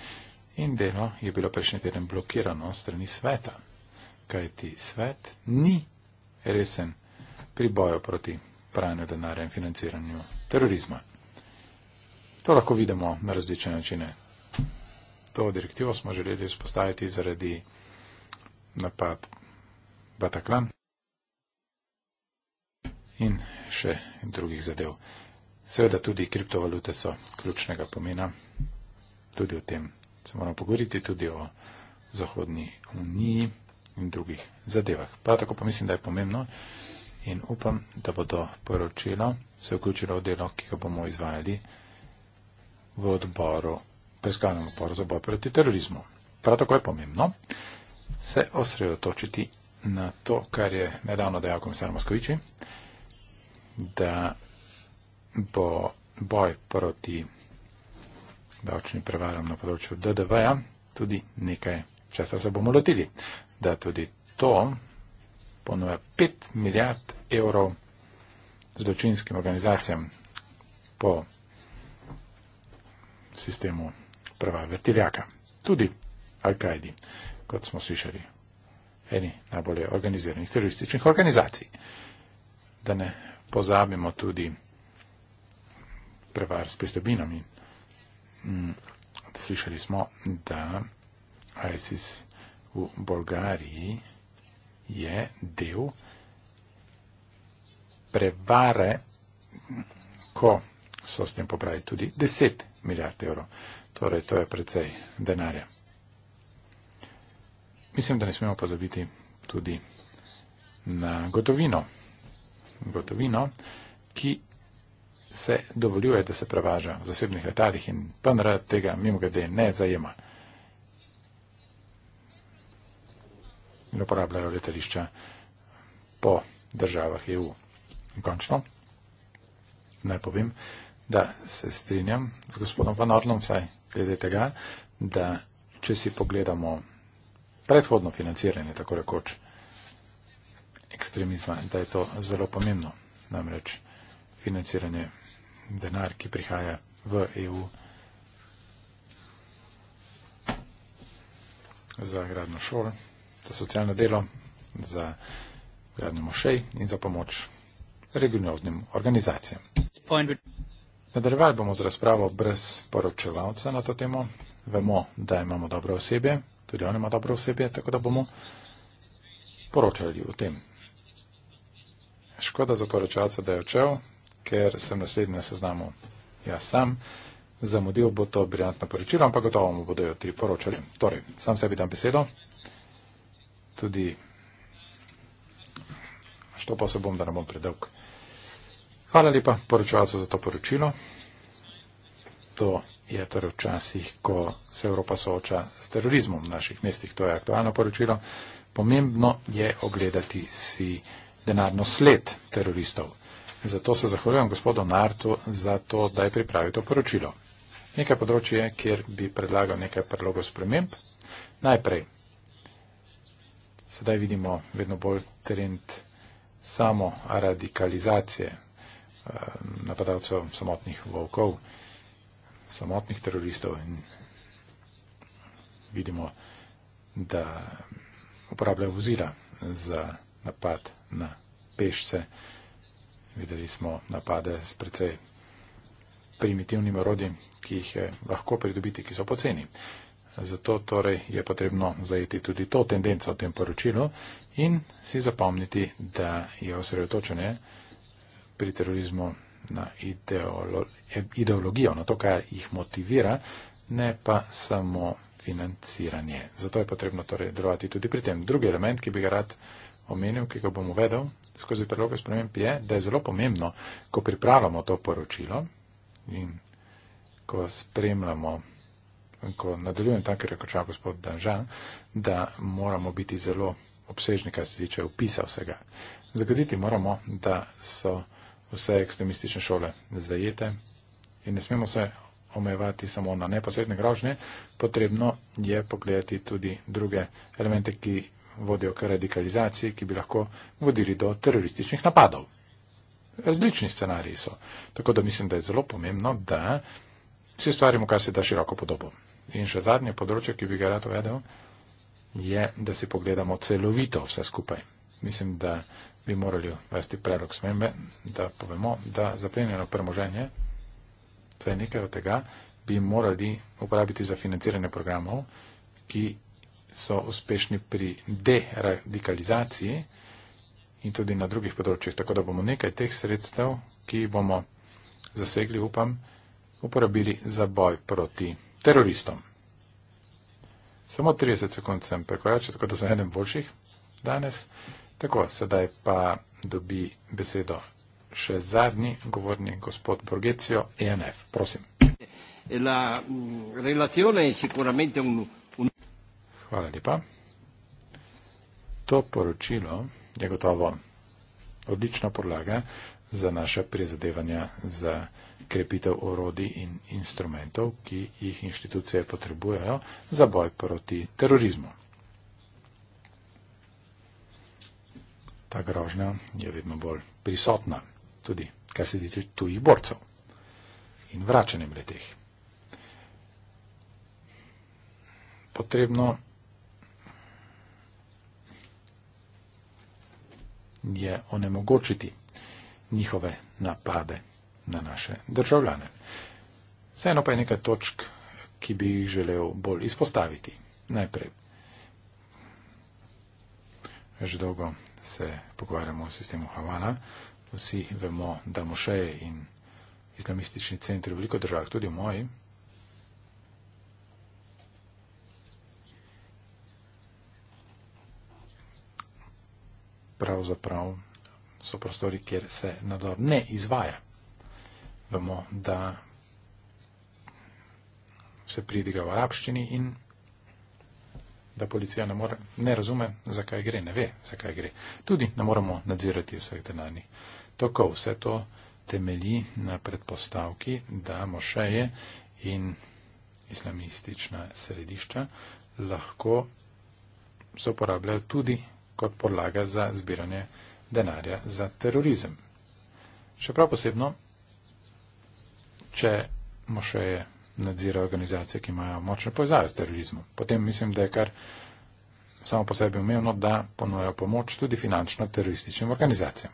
in delo je bilo prejšnji teden blokirano strani sveta, kajti svet ni resen pri boju proti pranju denarja in financiranju terorizma. To lahko vidimo na različne načine. To direktivo smo želeli vzpostaviti zaradi napad Bataklan in še drugih zadev. Seveda tudi kriptovalute so ključnega pomena, tudi o tem se moramo pogovoriti, tudi o Zahodni uniji in drugih zadevah. Prav tako pa mislim, da je pomembno, in upam, da bodo poročilo se vključilo v delo, ki ga bomo izvajali v odboru, preiskovalnem odboru za boj proti terorizmu. Prav tako je pomembno se osredotočiti na to, kar je nedavno dejal komisar Moskoviči, da bo boj proti davčnim prevarom na področju DDV-ja tudi nekaj, česar se bomo lotili, da tudi to ponuja 5 milijard evrov zločinskim organizacijam po sistemu prva vrtiljaka. Tudi Al-Kaidi, kot smo slišali, eni najbolj organiziranih terorističnih organizacij. Da ne pozabimo tudi prevar s pristobinami. Mm, slišali smo, da ISIS v Bolgariji je del prevare, ko so s tem popravili tudi 10 milijard evrov. Torej, to je precej denarja. Mislim, da ne smemo pozabiti tudi na gotovino. Gotovino, ki se dovoljuje, da se prevaža v zasebnih letalih in PNR tega mimo grede ne zajema. in uporabljajo letališča po državah EU. In končno, naj povem, da se strinjam z gospodom Van Ornom, vsaj glede tega, da če si pogledamo predhodno financiranje, tako rekoč, ekstremizma, da je to zelo pomembno. Namreč financiranje denar, ki prihaja v EU za gradno šolo za socialno delo, za gradnjo mošej in za pomoč regionalnim organizacijam. Nadaljevali bomo z razpravo brez poročevalca na to temo. Vemo, da imamo dobre osebe, tudi on ima dobre osebe, tako da bomo poročali o tem. Škoda za poročevalca, da je odšel, ker sem naslednje seznamo jaz sam. Zamudil bo to briljantno poročilo, ampak gotovo mu bodo jo tri poročali. Torej, sam sebi dam besedo tudi, što pa se bom, da ne bom predolg. Hvala lepa poročevalcu za to poročilo. To je torej včasih, ko se Evropa sooča s terorizmom v naših mestih, to je aktualno poročilo. Pomembno je ogledati si denarno sled teroristov. Zato se zahvaljujem gospodu Nartu za to, da je pripravil to poročilo. Nekaj področje, kjer bi predlagal nekaj predlogov sprememb. Najprej sedaj vidimo vedno bolj trend samo radikalizacije eh, napadalcev samotnih volkov, samotnih teroristov in vidimo, da uporabljajo vozila za napad na pešce. Videli smo napade s precej primitivnim orodjem, ki jih je lahko pridobiti, ki so poceni. Zato torej je potrebno zajeti tudi to tendenco v tem poročilu in si zapomniti, da je osredotočenje pri terorizmu na ideologijo, na to, kar jih motivira, ne pa samo financiranje. Zato je potrebno torej delovati tudi pri tem. Drugi element, ki bi ga rad omenil, ki ga bom uvedel skozi predloge sprememb, je, da je zelo pomembno, ko pripravljamo to poročilo in ko spremljamo ko nadaljujem tako, ker je končal gospod Danžan, da moramo biti zelo obsežni, kar se tiče opisa vsega. Zagoditi moramo, da so vse ekstremistične šole zajete in ne smemo se omejevati samo na neposredne grožnje, potrebno je pogledati tudi druge elemente, ki vodijo k radikalizaciji, ki bi lahko vodili do terorističnih napadov. Različni scenariji so. Tako da mislim, da je zelo pomembno, da si ustvarimo kar se da široko podobo. In še zadnje področje, ki bi ga rad uvedel, je, da si pogledamo celovito vse skupaj. Mislim, da bi morali vesti predlog smembe, da povemo, da zaplenjeno premoženje, to je nekaj od tega, bi morali uporabiti za financiranje programov, ki so uspešni pri deradikalizaciji in tudi na drugih področjih. Tako da bomo nekaj teh sredstev, ki bomo zasegli, upam, uporabili za boj proti teroristom. Samo 30 sekund sem prekoračil, tako da sem eden boljših danes. Tako, sedaj pa dobi besedo še zadnji govorni gospod Borgecio, ENF. Prosim. Mm, Hvala lepa. To poročilo je gotovo odlična podlaga za naše prizadevanja za krepitev orodij in instrumentov, ki jih inštitucije potrebujejo za boj proti terorizmu. Ta grožnja je vedno bolj prisotna, tudi kar se tiče tujih borcev in vračanjem leteh. Potrebno je onemogočiti njihove napade na naše državljane. Vseeno pa je nekaj točk, ki bi jih želel bolj izpostaviti. Najprej. Že dolgo se pogovarjamo o sistemu Havana. Vsi vemo, da mošeje in islamistični centri v veliko državah, tudi v moji, pravzaprav so prostori, kjer se nadzor ne izvaja vemo, da se pridiga v arabščini in da policija ne, more, ne razume, zakaj gre, ne ve, zakaj gre. Tudi ne moramo nadzirati vseh denarnih. Tako vse to temelji na predpostavki, da mošeje in islamistična središča lahko se uporabljajo tudi kot podlaga za zbiranje denarja za terorizem. Še prav posebno če mu še je nadzira organizacije, ki imajo močne povezave s terorizmom. Potem mislim, da je kar samo po sebi umevno, da ponujajo pomoč tudi finančno terorističnim organizacijam.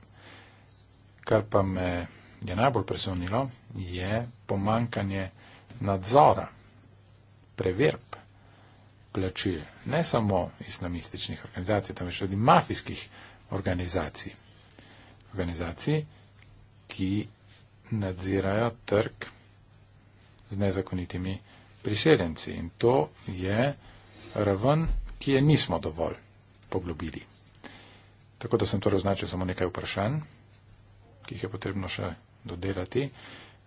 Kar pa me je najbolj presunilo, je pomankanje nadzora, preverb, plačil ne samo islamističnih organizacij, temveč tudi mafijskih organizacij, organizacij ki nadzirajo trg z nezakonitimi priseljenci. In to je raven, ki je nismo dovolj poglobili. Tako da sem torej označil samo nekaj vprašanj, ki jih je potrebno še dodelati.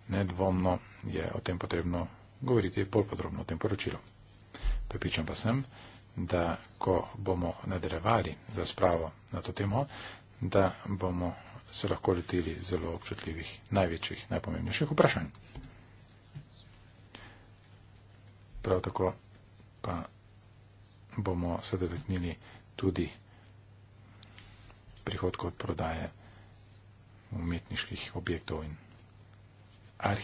Nedvomno je o tem potrebno govoriti bolj podrobno o tem poročilu. Pepičem pa sem, da ko bomo nadrevali za spravo na to temo, da bomo se lahko letili zelo občutljivih, največjih, najpomembnejših vprašanj. Prav tako pa bomo se dotaknili tudi prihodkov od prodaje umetniških objektov in ar,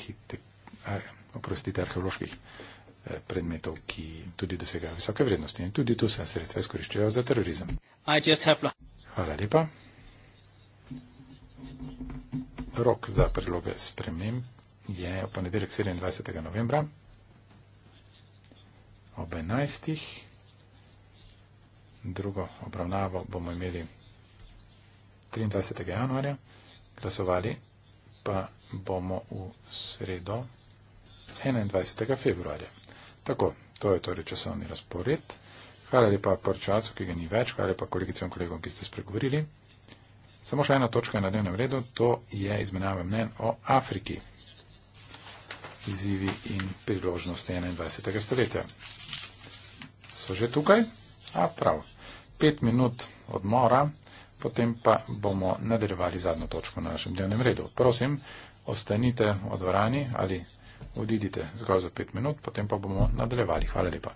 oprostite, arheoloških eh, predmetov, ki tudi dosegajo visoke vrednosti. In tudi tu se sredstva izkoriščajo za terorizem. Hvala lepa rok za predloge spremem je v ponedeljek 27. novembra ob 11. Drugo obravnavo bomo imeli 23. januarja, glasovali pa bomo v sredo 21. februarja. Tako, to je torej časovni razpored. Hvala lepa porčacu, ki ga ni več, hvala lepa kolegicam in kolegom, ki ste spregovorili. Samo še ena točka na dnevnem redu, to je izmenjava mnen o Afriki, izzivi in priložnosti 21. stoletja. So že tukaj? A prav. Pet minut odmora, potem pa bomo nadaljevali zadnjo točko na našem dnevnem redu. Prosim, ostanite v dvorani ali odidite zgolj za pet minut, potem pa bomo nadaljevali. Hvala lepa.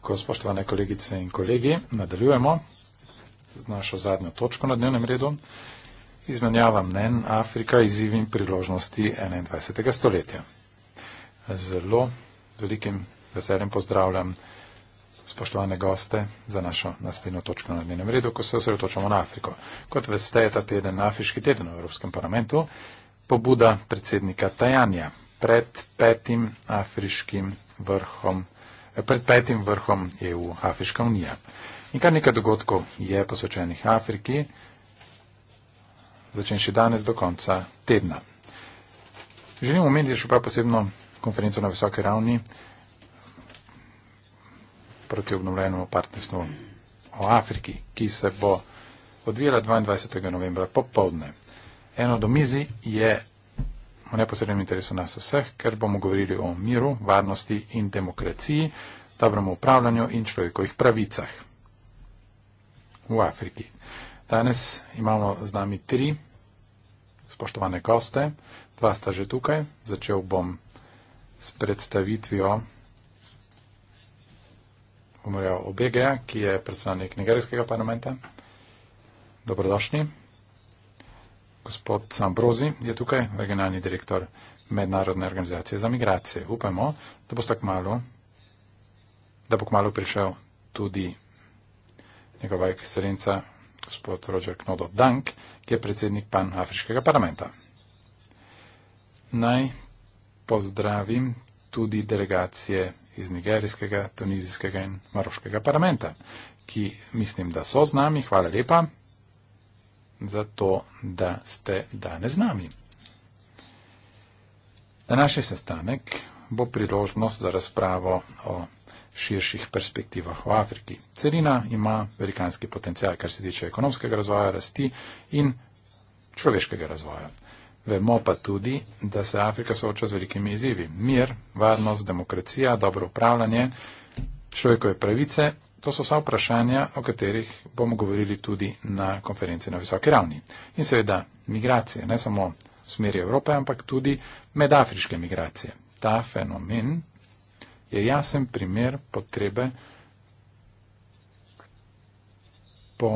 Ko spoštovane kolegice in kolegi, nadaljujemo z našo zadnjo točko na dnevnem redu. Izmenjava mnen Afrika izziv in priložnosti 21. stoletja. Zelo velikim veseljem pozdravljam spoštovane goste za našo naslednjo točko na dnevnem redu, ko se osredotočamo na Afriko. Kot veste, je ta teden Afriški teden v Evropskem parlamentu pobuda predsednika Tajanja pred petim afriškim vrhom, pred petim vrhom EU Afriška unija. In kar nekaj dogodkov je posvečenih Afriki, začenši danes do konca tedna. Želim omeniti še pa posebno konferenco na visoki ravni proti obnovljenemu partnerstvu o Afriki, ki se bo odvijala 22. novembra popovdne. Eno od omizij je v neposrednem interesu nas vseh, ker bomo govorili o miru, varnosti in demokraciji, dobrem upravljanju in človekovih pravicah v Afriki. Danes imamo z nami tri spoštovane goste, dva sta že tukaj. Začel bom s predstavitvijo Omorja Obegeja, ki je predstavnik nigerijskega parlamenta. Dobrodošli. Gospod Sambrozi je tukaj, regionalni direktor Mednarodne organizacije za migracije. Upamo, da bo kmalo, da bo kmalo prišel tudi njegova ekscelenca, gospod Roger Knodo Dank, ki je predsednik pan Afriškega parlamenta. Naj pozdravim tudi delegacije iz nigerijskega, tunizijskega in maroškega parlamenta, ki mislim, da so z nami. Hvala lepa za to, da ste danes z nami. Današnji sestanek bo priložnost za razpravo o širših perspektivah v Afriki. Celina ima velikanski potencial, kar se tiče ekonomskega razvoja, rasti in človeškega razvoja. Vemo pa tudi, da se Afrika sooča z velikimi izzivi. Mir, varnost, demokracija, dobro upravljanje, človekove pravice To so vsa vprašanja, o katerih bomo govorili tudi na konferenci na visoki ravni. In seveda migracije, ne samo v smeri Evrope, ampak tudi medafriške migracije. Ta fenomen je jasen primer potrebe po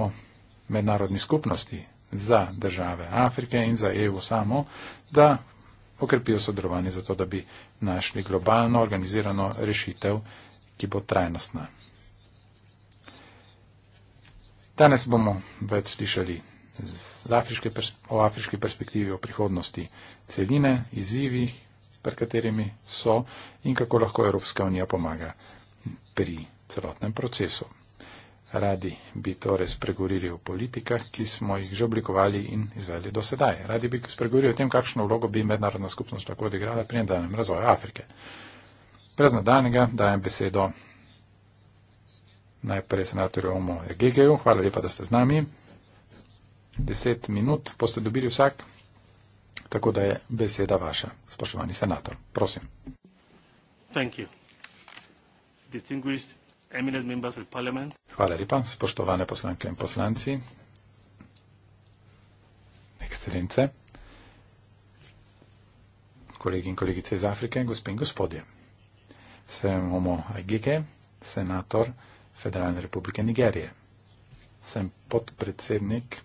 mednarodni skupnosti za države Afrike in za EU samo, da okrepijo sodelovanje zato, da bi našli globalno organizirano rešitev, ki bo trajnostna. Danes bomo več slišali afriške, o afriški perspektivi, o prihodnosti celine, izzivih, pred katerimi so in kako lahko Evropska unija pomaga pri celotnem procesu. Radi bi torej spregovorili o politikah, ki smo jih že oblikovali in izvedli do sedaj. Radi bi spregovorili o tem, kakšno vlogo bi mednarodna skupnost lahko odigrala pri nadaljem razvoju Afrike. Brez nadaljnega dajem besedo najprej senatorju Omo Egegeju. Hvala lepa, da ste z nami. Deset minut boste dobili vsak, tako da je beseda vaša, spoštovani senator. Prosim. Hvala lepa, spoštovane poslanke in poslanci, ekscelence, kolegi in kolegice iz Afrike, gospe in gospodje. Sem Omo Agige, senator. Federalne republike Nigerije. Sem podpredsednik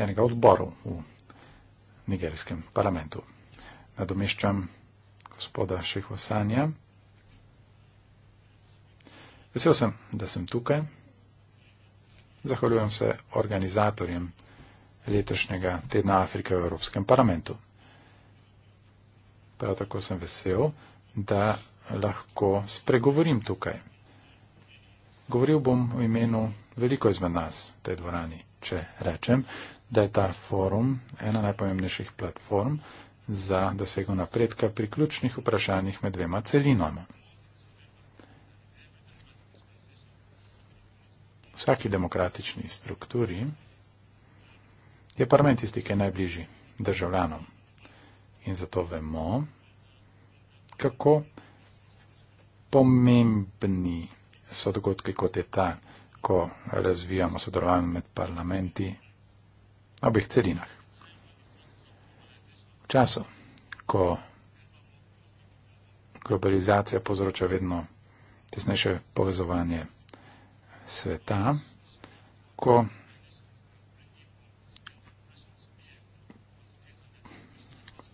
enega odborov v nigerijskem parlamentu. Nadomeščam gospoda Šeho Sanja. Vesel sem, da sem tukaj. Zahvaljujem se organizatorjem letošnjega tedna Afrike v Evropskem parlamentu. Prav tako sem vesel, da lahko spregovorim tukaj. Govoril bom v imenu veliko izmed nas v tej dvorani, če rečem, da je ta forum ena najpomembnejših platform za dosego napredka pri ključnih vprašanjih med dvema celinoma. Vsaki demokratični strukturi je parlament tisti, ki je najbližji državljanom. In zato vemo, kako pomembni so dogodki kot je ta, ko razvijamo sodelovanje med parlamenti na obih celinah. V času, ko globalizacija povzroča vedno tesnejše povezovanje sveta, ko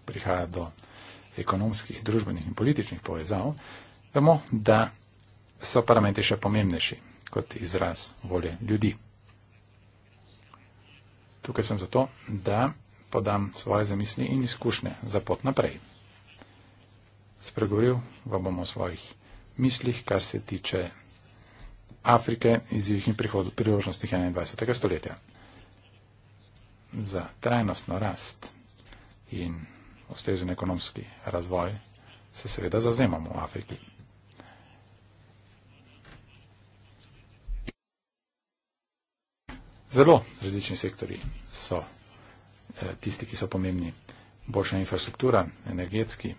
prihaja do ekonomskih, družbenih in političnih povezav, vemo, da so parametri še pomembnejši kot izraz volje ljudi. Tukaj sem zato, da podam svoje zamisli in izkušnje za pot naprej. Spregovoril vam bom o svojih mislih, kar se tiče Afrike izzivih in priložnosti 21. stoletja. Za trajnostno rast in ustrezen ekonomski razvoj se seveda zazemamo v Afriki. Zelo različni sektori so eh, tisti, ki so pomembni. Boljša infrastruktura, energetski,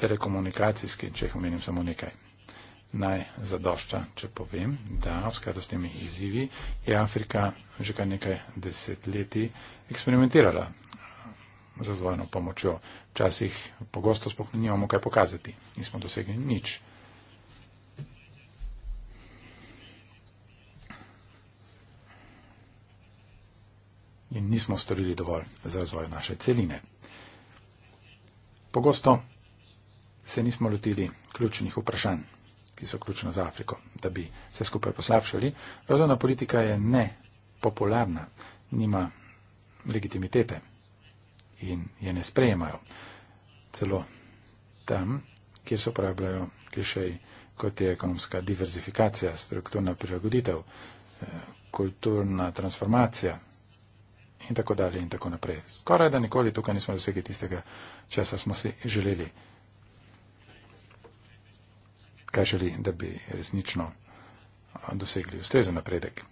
telekomunikacijski, če jih omenim samo nekaj. Naj zadošča, če povem, da v skladu s temi izzivi je Afrika že kar nekaj desetletij eksperimentirala z razvojno pomočjo. Včasih pogosto spohnimo, kaj pokazati. Nismo dosegli nič. in nismo storili dovolj za razvoj naše celine. Pogosto se nismo lotili ključnih vprašanj, ki so ključno za Afriko, da bi se skupaj poslavšali. Razvojna politika je nepopularna, nima legitimitete in je ne sprejemajo. Celo tam, kjer se uporabljajo klišeji, kot je ekonomska diverzifikacija, strukturna prilagoditev, eh, kulturna transformacija, in tako dalje in tako naprej. Skoraj da nikoli tukaj nismo dosegli tistega, česa smo si želeli. Kaj želi, da bi resnično dosegli ustrezen napredek.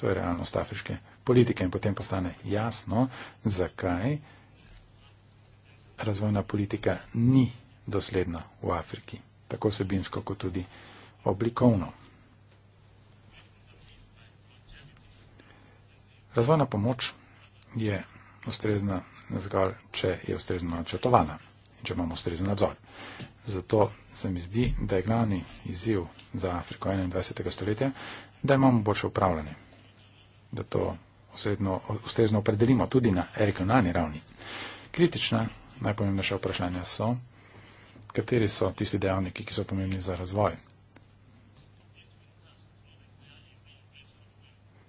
To je realnost afriške politike in potem postane jasno, zakaj razvojna politika ni dosledna v Afriki, tako sebinsko kot tudi oblikovno. Razvojna pomoč je ustrezna zgolj, če je ustrezno načrtovana in če imamo ustrezen nadzor. Zato se mi zdi, da je glavni izziv za Afriko 21. stoletja, da imamo boljše upravljanje, da to ustrezno, ustrezno opredelimo tudi na regionalni ravni. Kritična, najpomembnejša vprašanja so, kateri so tisti dejavniki, ki so pomembni za razvoj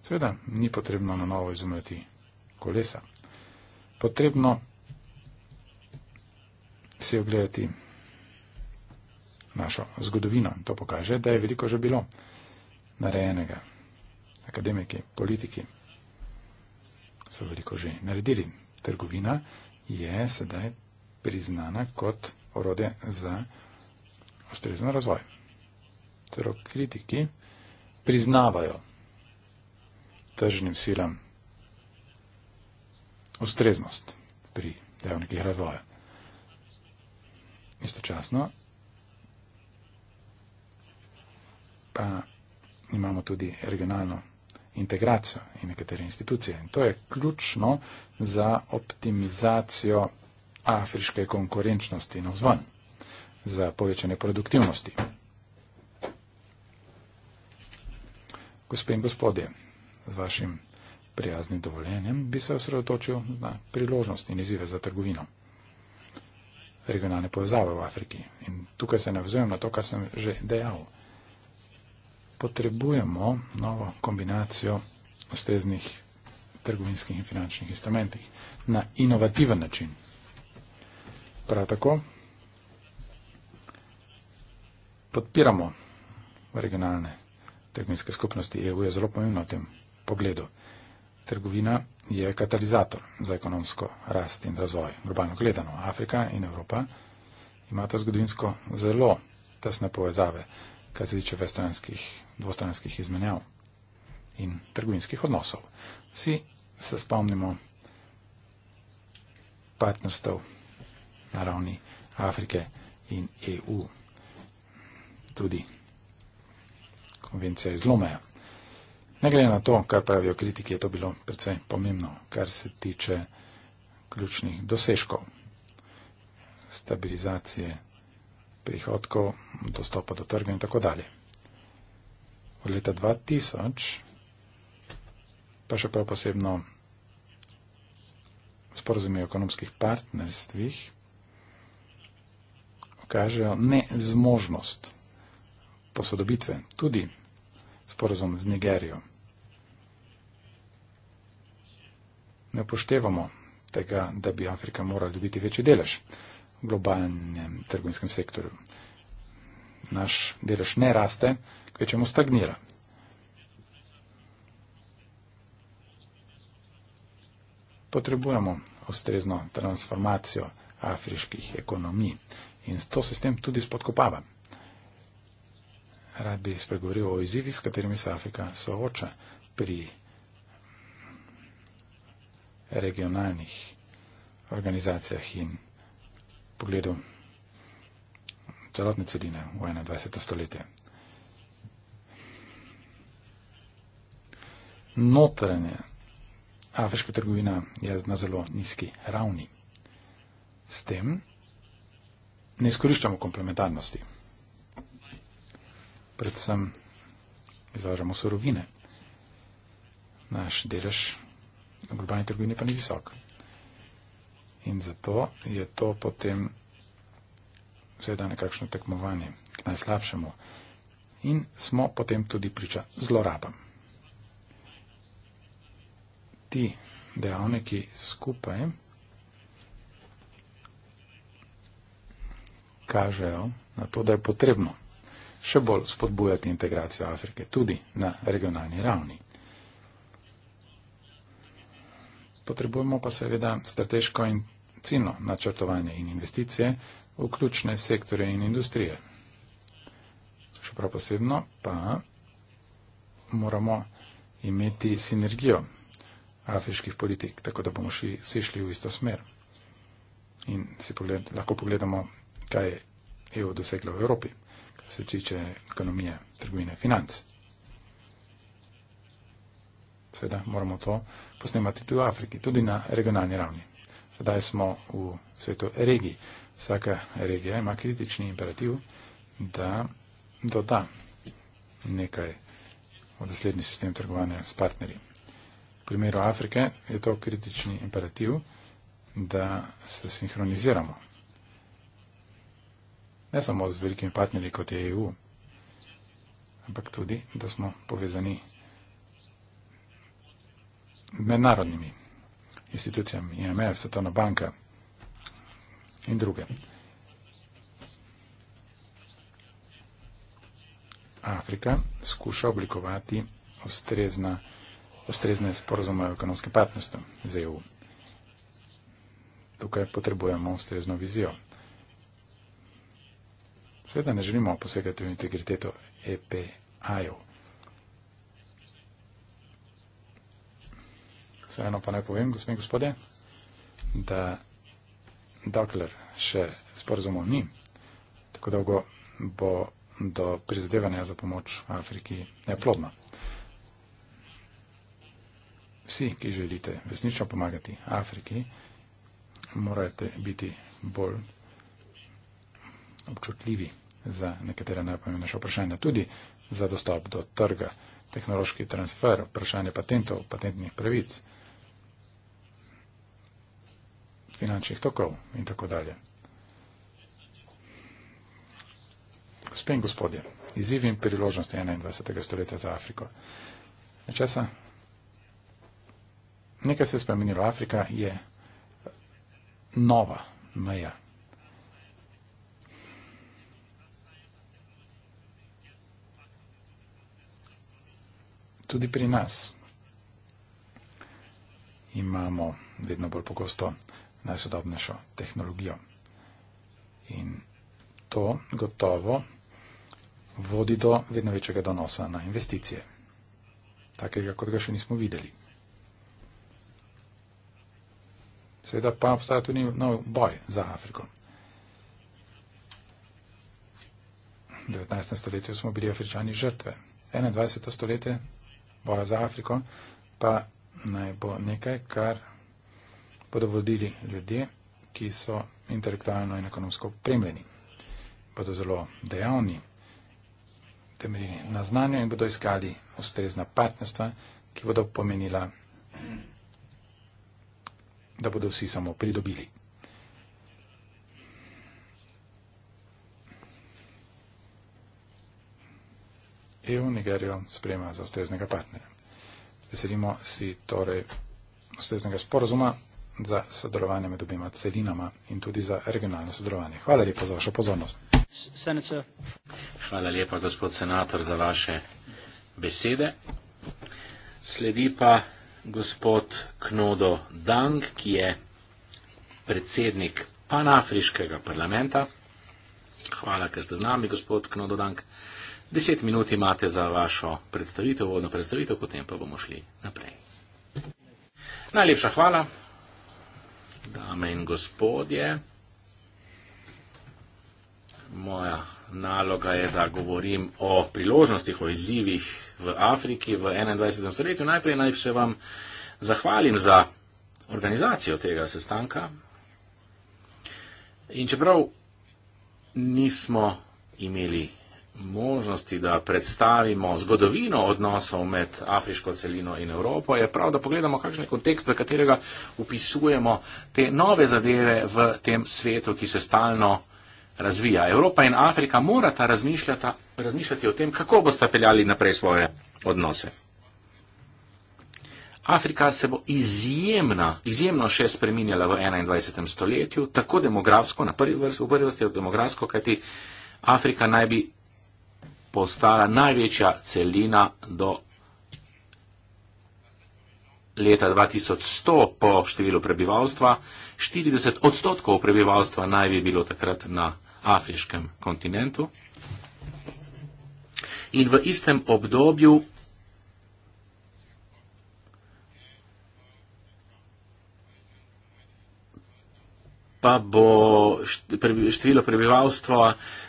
Sveda, ni potrebno na novo izumeti kolesa. Potrebno si ogledati našo zgodovino. To pokaže, da je veliko že bilo narejenega. Akademiki, politiki so veliko že naredili. Trgovina je sedaj priznana kot orode za ustrezen razvoj. Celo kritiki priznavajo, tržnim silam ustreznost pri dejavnikih razvoja. Istočasno pa imamo tudi regionalno integracijo in nekatere institucije. In to je ključno za optimizacijo afriške konkurenčnosti na vzvon, za povečanje produktivnosti. Gospe in gospodje, z vašim prijaznim dovoljenjem, bi se osredotočil na priložnosti in izive za trgovino. Regionalne povezave v Afriki. In tukaj se navzujem na to, kar sem že dejal. Potrebujemo novo kombinacijo osteznih trgovinskih in finančnih instrumentih na inovativen način. Prav tako podpiramo regionalne trgovinske skupnosti. EU je zelo pomembno v tem pogledu. Trgovina je katalizator za ekonomsko rast in razvoj. Globalno gledano, Afrika in Evropa imata zgodovinsko zelo tesne povezave, kar se tiče dvostranskih izmenjav in trgovinskih odnosov. Vsi se spomnimo partnerstv na ravni Afrike in EU, tudi konvencija iz Lomeja. Ne glede na to, kar pravijo kritiki, je to bilo predvsej pomembno, kar se tiče ključnih dosežkov, stabilizacije prihodkov, dostopa do trga in tako dalje. Od leta 2000 pa še prav posebno sporozumi o ekonomskih partnerstvih kažejo nezmožnost posodobitve, tudi sporozum z Nigerijo. ne upoštevamo tega, da bi Afrika morala dobiti večji delež v globalnem trgovinskem sektorju. Naš delež ne raste, kvečemu stagnira. Potrebujemo ustrezno transformacijo afriških ekonomij in to se s tem tudi spodkopava. Rad bi spregovoril o izzivih, s katerimi se Afrika sooča pri regionalnih organizacijah in pogledu celotne celine v 21. stoletje. Notranje afriška trgovina je na zelo nizki ravni. S tem ne izkoriščamo komplementarnosti. Predvsem izvažamo surovine. Naš delež v globalni trgovini pa ni visok. In zato je to potem seveda nekakšno tekmovanje k najslabšemu. In smo potem tudi priča zlorabam. Ti dejavniki skupaj kažejo na to, da je potrebno še bolj spodbujati integracijo Afrike tudi na regionalni ravni. potrebujemo pa seveda strateško in ciljno načrtovanje in investicije v ključne sektore in industrije. Še prav posebno pa moramo imeti sinergijo afriških politik, tako da bomo vsi ši, šli v isto smer. In si pogled, lahko pogledamo, kaj je EU doseglo v Evropi, kar se tiče ekonomije, trgovine, financ. Sveda moramo to posnemati tudi v Afriki, tudi na regionalni ravni. Zdaj smo v svetu regiji. Vsaka regija ima kritični imperativ, da doda nekaj v doslednji sistem trgovanja s partnerji. V primeru Afrike je to kritični imperativ, da se sinhroniziramo. Ne samo z velikimi partnerji, kot je EU, ampak tudi, da smo povezani mednarodnimi institucijami, IMF, Svetovna banka in druge. Afrika skuša oblikovati ustrezna, ustrezne sporozume o ekonomskem partnerstvu z EU. Tukaj potrebujemo ustrezno vizijo. Sveda ne želimo posegati v integriteto EPA-jev. Vseeno pa naj povem, gospod in gospode, da dokler še sporozumov ni, tako dolgo bo do prizadevanja za pomoč Afriki neplodna. Vsi, ki želite resnično pomagati Afriki, morate biti bolj občutljivi za nekatere najpomembnejše vprašanja, tudi za dostop do trga, tehnološki transfer, vprašanje patentov, patentnih pravic. finančnih tokov in tako dalje. Gospe in gospodje, izziv in priložnost 21. stoletja za Afriko. Nečesa? Nekaj se je spremenilo. Afrika je nova meja. Tudi pri nas imamo vedno bolj pogosto najsodobnejšo tehnologijo. In to gotovo vodi do vedno večjega donosa na investicije, takega, kot ga še nismo videli. Seveda pa obstaja tudi nov boj za Afriko. V 19. stoletju smo bili afričani žrtve. 21. stoletje boja za Afriko pa naj bo nekaj, kar bodo vodili ljudje, ki so intelektualno in ekonomsko opremljeni. Bodo zelo dejavni, temeljili na znanju in bodo iskali ustrezna partnerstva, ki bodo pomenila, da bodo vsi samo pridobili. EU Nigerijo sprejema za ustreznega partnerja. Veselimo si torej ustreznega sporozuma za sodelovanje med obima celinama in tudi za regionalno sodelovanje. Hvala lepa za vašo pozornost. Senator. Hvala lepa, gospod senator, za vaše besede. Sledi pa gospod Knodo Dang, ki je predsednik panafriškega parlamenta. Hvala, ker ste z nami, gospod Knodo Dang. Deset minut imate za vašo predstavitev, vodno predstavitev, potem pa bomo šli naprej. Najlepša hvala dame in gospodje. Moja naloga je, da govorim o priložnostih, o izzivih v Afriki v 21. stoletju. Najprej naj se vam zahvalim za organizacijo tega sestanka. In čeprav nismo imeli možnosti, da predstavimo zgodovino odnosov med afriško celino in Evropo, je prav, da pogledamo, kakšen je kontekst, v katerega upisujemo te nove zadeve v tem svetu, ki se stalno razvija. Evropa in Afrika morata razmišljati o tem, kako boste peljali naprej svoje odnose. Afrika se bo izjemna, izjemno še spreminjala v 21. stoletju, tako demografsko, na prvi vrsti, v prvi vrsti demografsko, kajti Afrika naj bi postala največja celina do leta 2100 po številu prebivalstva. 40 odstotkov prebivalstva naj bi bilo takrat na afriškem kontinentu. In v istem obdobju pa bo število prebivalstva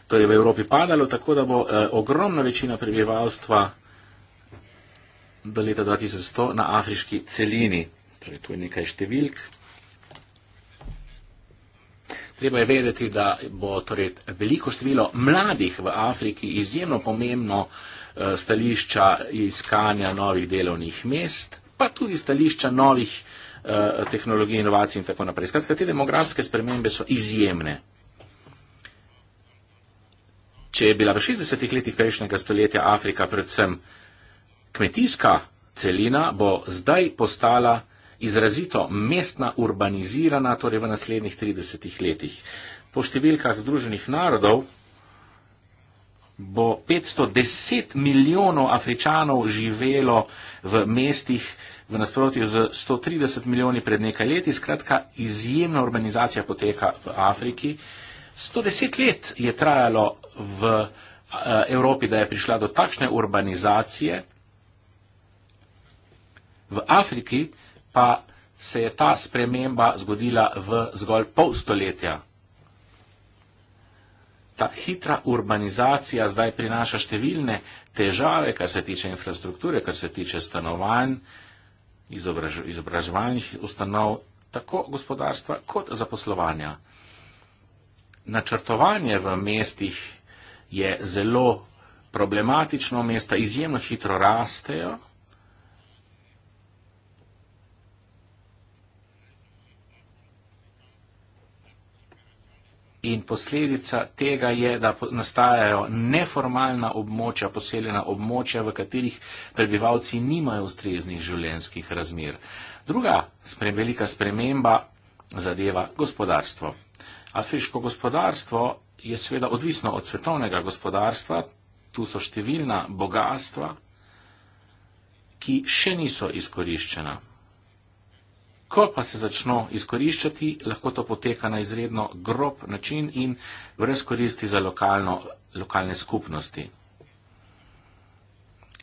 torej v Evropi padalo, tako da bo eh, ogromna večina prebivalstva do leta 2100 na afriški celini. Torej, tu je nekaj številk. Treba je vedeti, da bo torej, veliko število mladih v Afriki izjemno pomembno eh, stališča iskanja novih delovnih mest, pa tudi stališča novih eh, tehnologij, inovacij in tako naprej. Skratka, te demografske spremembe so izjemne. Če je bila v 60-ih letih prejšnjega stoletja Afrika predvsem kmetijska celina, bo zdaj postala izrazito mestna urbanizirana, torej v naslednjih 30 letih. Po številkah Združenih narodov bo 510 milijonov Afričanov živelo v mestih v nasprotju z 130 milijoni pred nekaj leti. Skratka, izjemna urbanizacija poteka v Afriki. Uh, 110 let je trajalo v eh, Evropi, da je prišla do takšne urbanizacije, v Afriki pa se je ta sprememba zgodila v zgolj pol stoletja. Ta hitra urbanizacija zdaj prinaša številne težave, kar se tiče infrastrukture, kar se tiče stanovanj, izobraževalnih ustanov, tako gospodarstva kot zaposlovanja načrtovanje v mestih je zelo problematično, mesta izjemno hitro rastejo. In posledica tega je, da nastajajo neformalna območja, poseljena območja, v katerih prebivalci nimajo ustreznih življenjskih razmer. Druga spremelika sprememba zadeva gospodarstvo. Afriško gospodarstvo je seveda odvisno od svetovnega gospodarstva, tu so številna bogatstva, ki še niso izkoriščena. Ko pa se začno izkoriščati, lahko to poteka na izredno grob način in brez koristi za lokalno, lokalne skupnosti.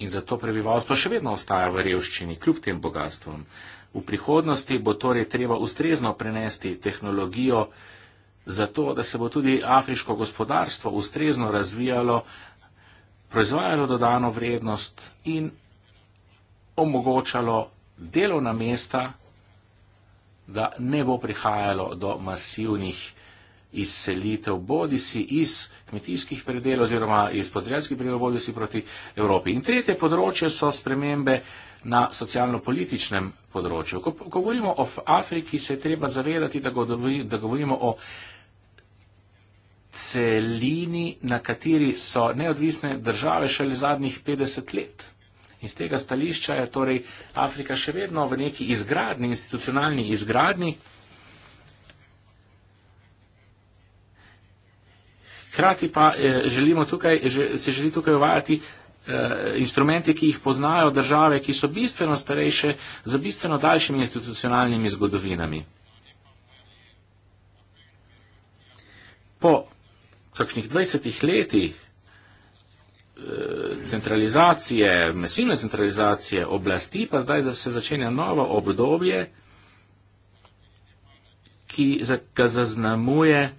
In zato prebivalstvo še vedno ostaja v revščini, kljub tem bogatstvom. V prihodnosti bo torej treba ustrezno prenesti tehnologijo, zato, da se bo tudi afriško gospodarstvo ustrezno razvijalo, proizvajalo dodano vrednost in omogočalo delovna mesta, da ne bo prihajalo do masivnih izselitev, bodi si iz kmetijskih predelov oziroma iz podzemskih predelov, bodi si proti Evropi. In tretje področje so spremembe na socialno-političnem področju. Ko, ko govorimo o Afriki, se je treba zavedati, da, go, da govorimo o celini, na kateri so neodvisne države šele zadnjih 50 let. Iz tega stališča je torej Afrika še vedno v neki izgradni, institucionalni izgradni. Hkrati pa eh, želimo tukaj, se želi tukaj uvajati eh, instrumente, ki jih poznajo države, ki so bistveno starejše, za bistveno daljšimi institucionalnimi zgodovinami. Po kakšnih 20 letih eh, centralizacije, mesilne centralizacije oblasti, pa zdaj se začenja novo obdobje, ki ga zaznamuje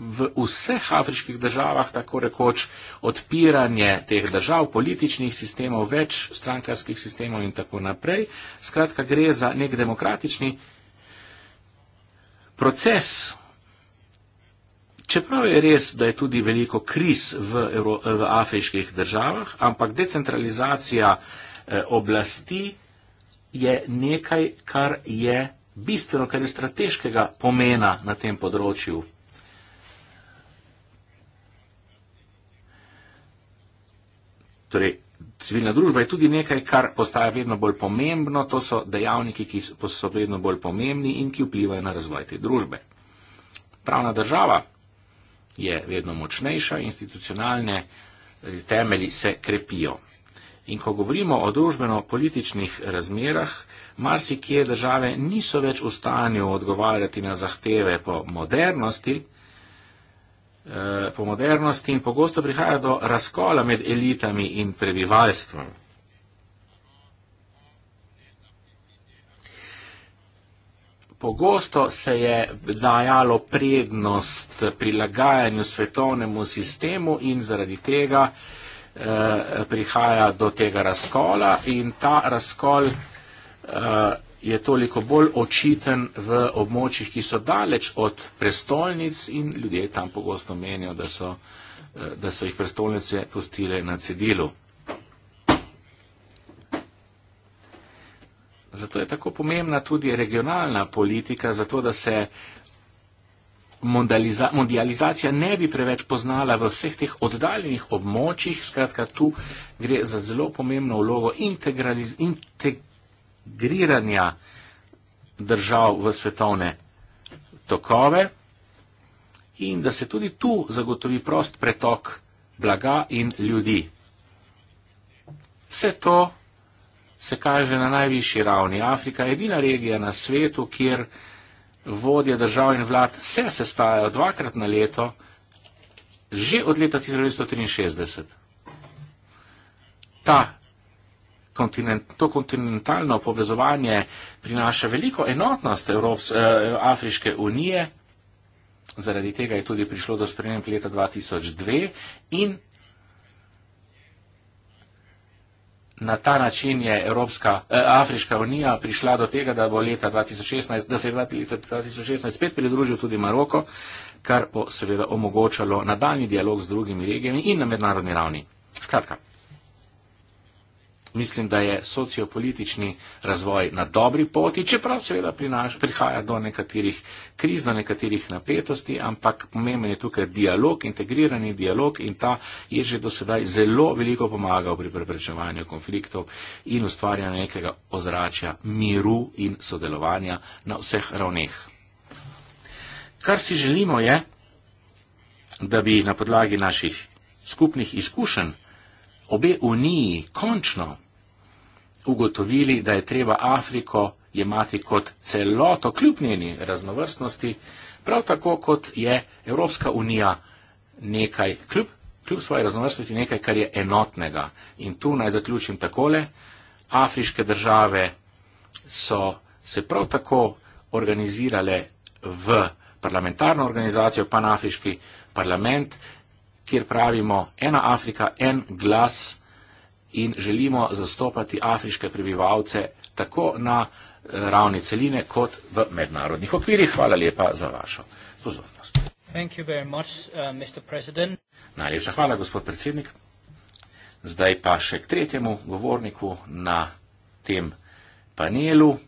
v vseh afriških državah tako rekoč odpiranje teh držav, političnih sistemov, več strankarskih sistemov in tako naprej. Skratka, gre za nek demokratični proces, čeprav je res, da je tudi veliko kriz v, Evro, v afriških državah, ampak decentralizacija eh, oblasti je nekaj, kar je bistveno, kar je strateškega pomena na tem področju. Torej, civilna družba je tudi nekaj, kar postaja vedno bolj pomembno, to so dejavniki, ki so vedno bolj pomembni in ki vplivajo na razvoj te družbe. Pravna država je vedno močnejša, institucionalne eh, temelji se krepijo. In ko govorimo o družbeno-političnih razmerah, marsikje države niso več v stanju odgovarjati na zahteve po modernosti, Eh, po modernosti in pogosto prihaja do razkola med elitami in prebivalstvom. Pogosto se je dajalo prednost prilagajanju svetovnemu sistemu in zaradi tega eh, prihaja do tega razkola in ta razkol eh, je toliko bolj očiten v območjih, ki so daleč od prestolnic in ljudje tam pogosto menijo, da so, eh, da so jih prestolnice pustile na cedilu. Zato je tako pomembna tudi regionalna politika, zato da se mondializa, mondializacija ne bi preveč poznala v vseh teh oddaljenih območjih. Skratka, tu gre za zelo pomembno vlogo integraliz, integralizacije migriranja držav v svetovne tokove in da se tudi tu zagotovi prost pretok blaga in ljudi. Vse to se kaže na najvišji ravni. Afrika je edina regija na svetu, kjer vodje držav in vlad se sestajajo dvakrat na leto, že od leta 1963. Ta to kontinentalno povezovanje prinaša veliko enotnost Evrops, eh, Afriške unije. Zaradi tega je tudi prišlo do sprememb leta 2002 in na ta način je Evropska, eh, Afriška unija prišla do tega, da, leta 2016, da se je leta 2016 spet pridružil tudi Maroko, kar bo seveda omogočalo nadaljni dialog z drugimi regijami in na mednarodni ravni. Skratka, Mislim, da je sociopolitični razvoj na dobri poti, čeprav seveda prinaš, prihaja do nekaterih kriz, do nekaterih napetosti, ampak pomemben je tukaj dialog, integrirani dialog in ta je že do sedaj zelo veliko pomagal pri preprečevanju konfliktov in ustvarjanju nekega ozračja miru in sodelovanja na vseh ravneh. Kar si želimo je, da bi na podlagi naših skupnih izkušenj obe uniji končno ugotovili, da je treba Afriko jemati kot celoto, kljub njeni raznovrstnosti, prav tako kot je Evropska unija nekaj, kljub, kljub svoji raznovrstnosti, nekaj, kar je enotnega. In tu naj zaključim takole. Afriške države so se prav tako organizirale v parlamentarno organizacijo, panafriški parlament, kjer pravimo ena Afrika, en glas in želimo zastopati afriške prebivalce tako na eh, ravni celine kot v mednarodnih okvirih. Hvala lepa za vašo pozornost. Much, uh, Najlepša hvala, gospod predsednik. Zdaj pa še k tretjemu govorniku na tem panelu.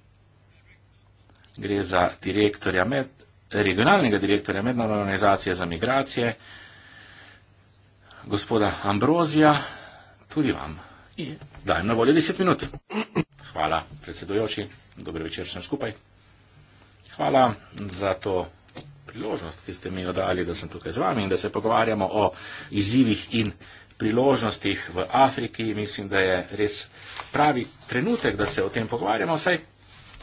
Gre za direktorja med, regionalnega direktorja mednarodne organizacije za migracije gospoda Ambrozija, tudi vam. Dajem na voljo 10 minut. Hvala, predsedujoči. Dober večer še skupaj. Hvala za to priložnost, ki ste mi jo dali, da sem tukaj z vami in da se pogovarjamo o izzivih in priložnostih v Afriki. Mislim, da je res pravi trenutek, da se o tem pogovarjamo. Saj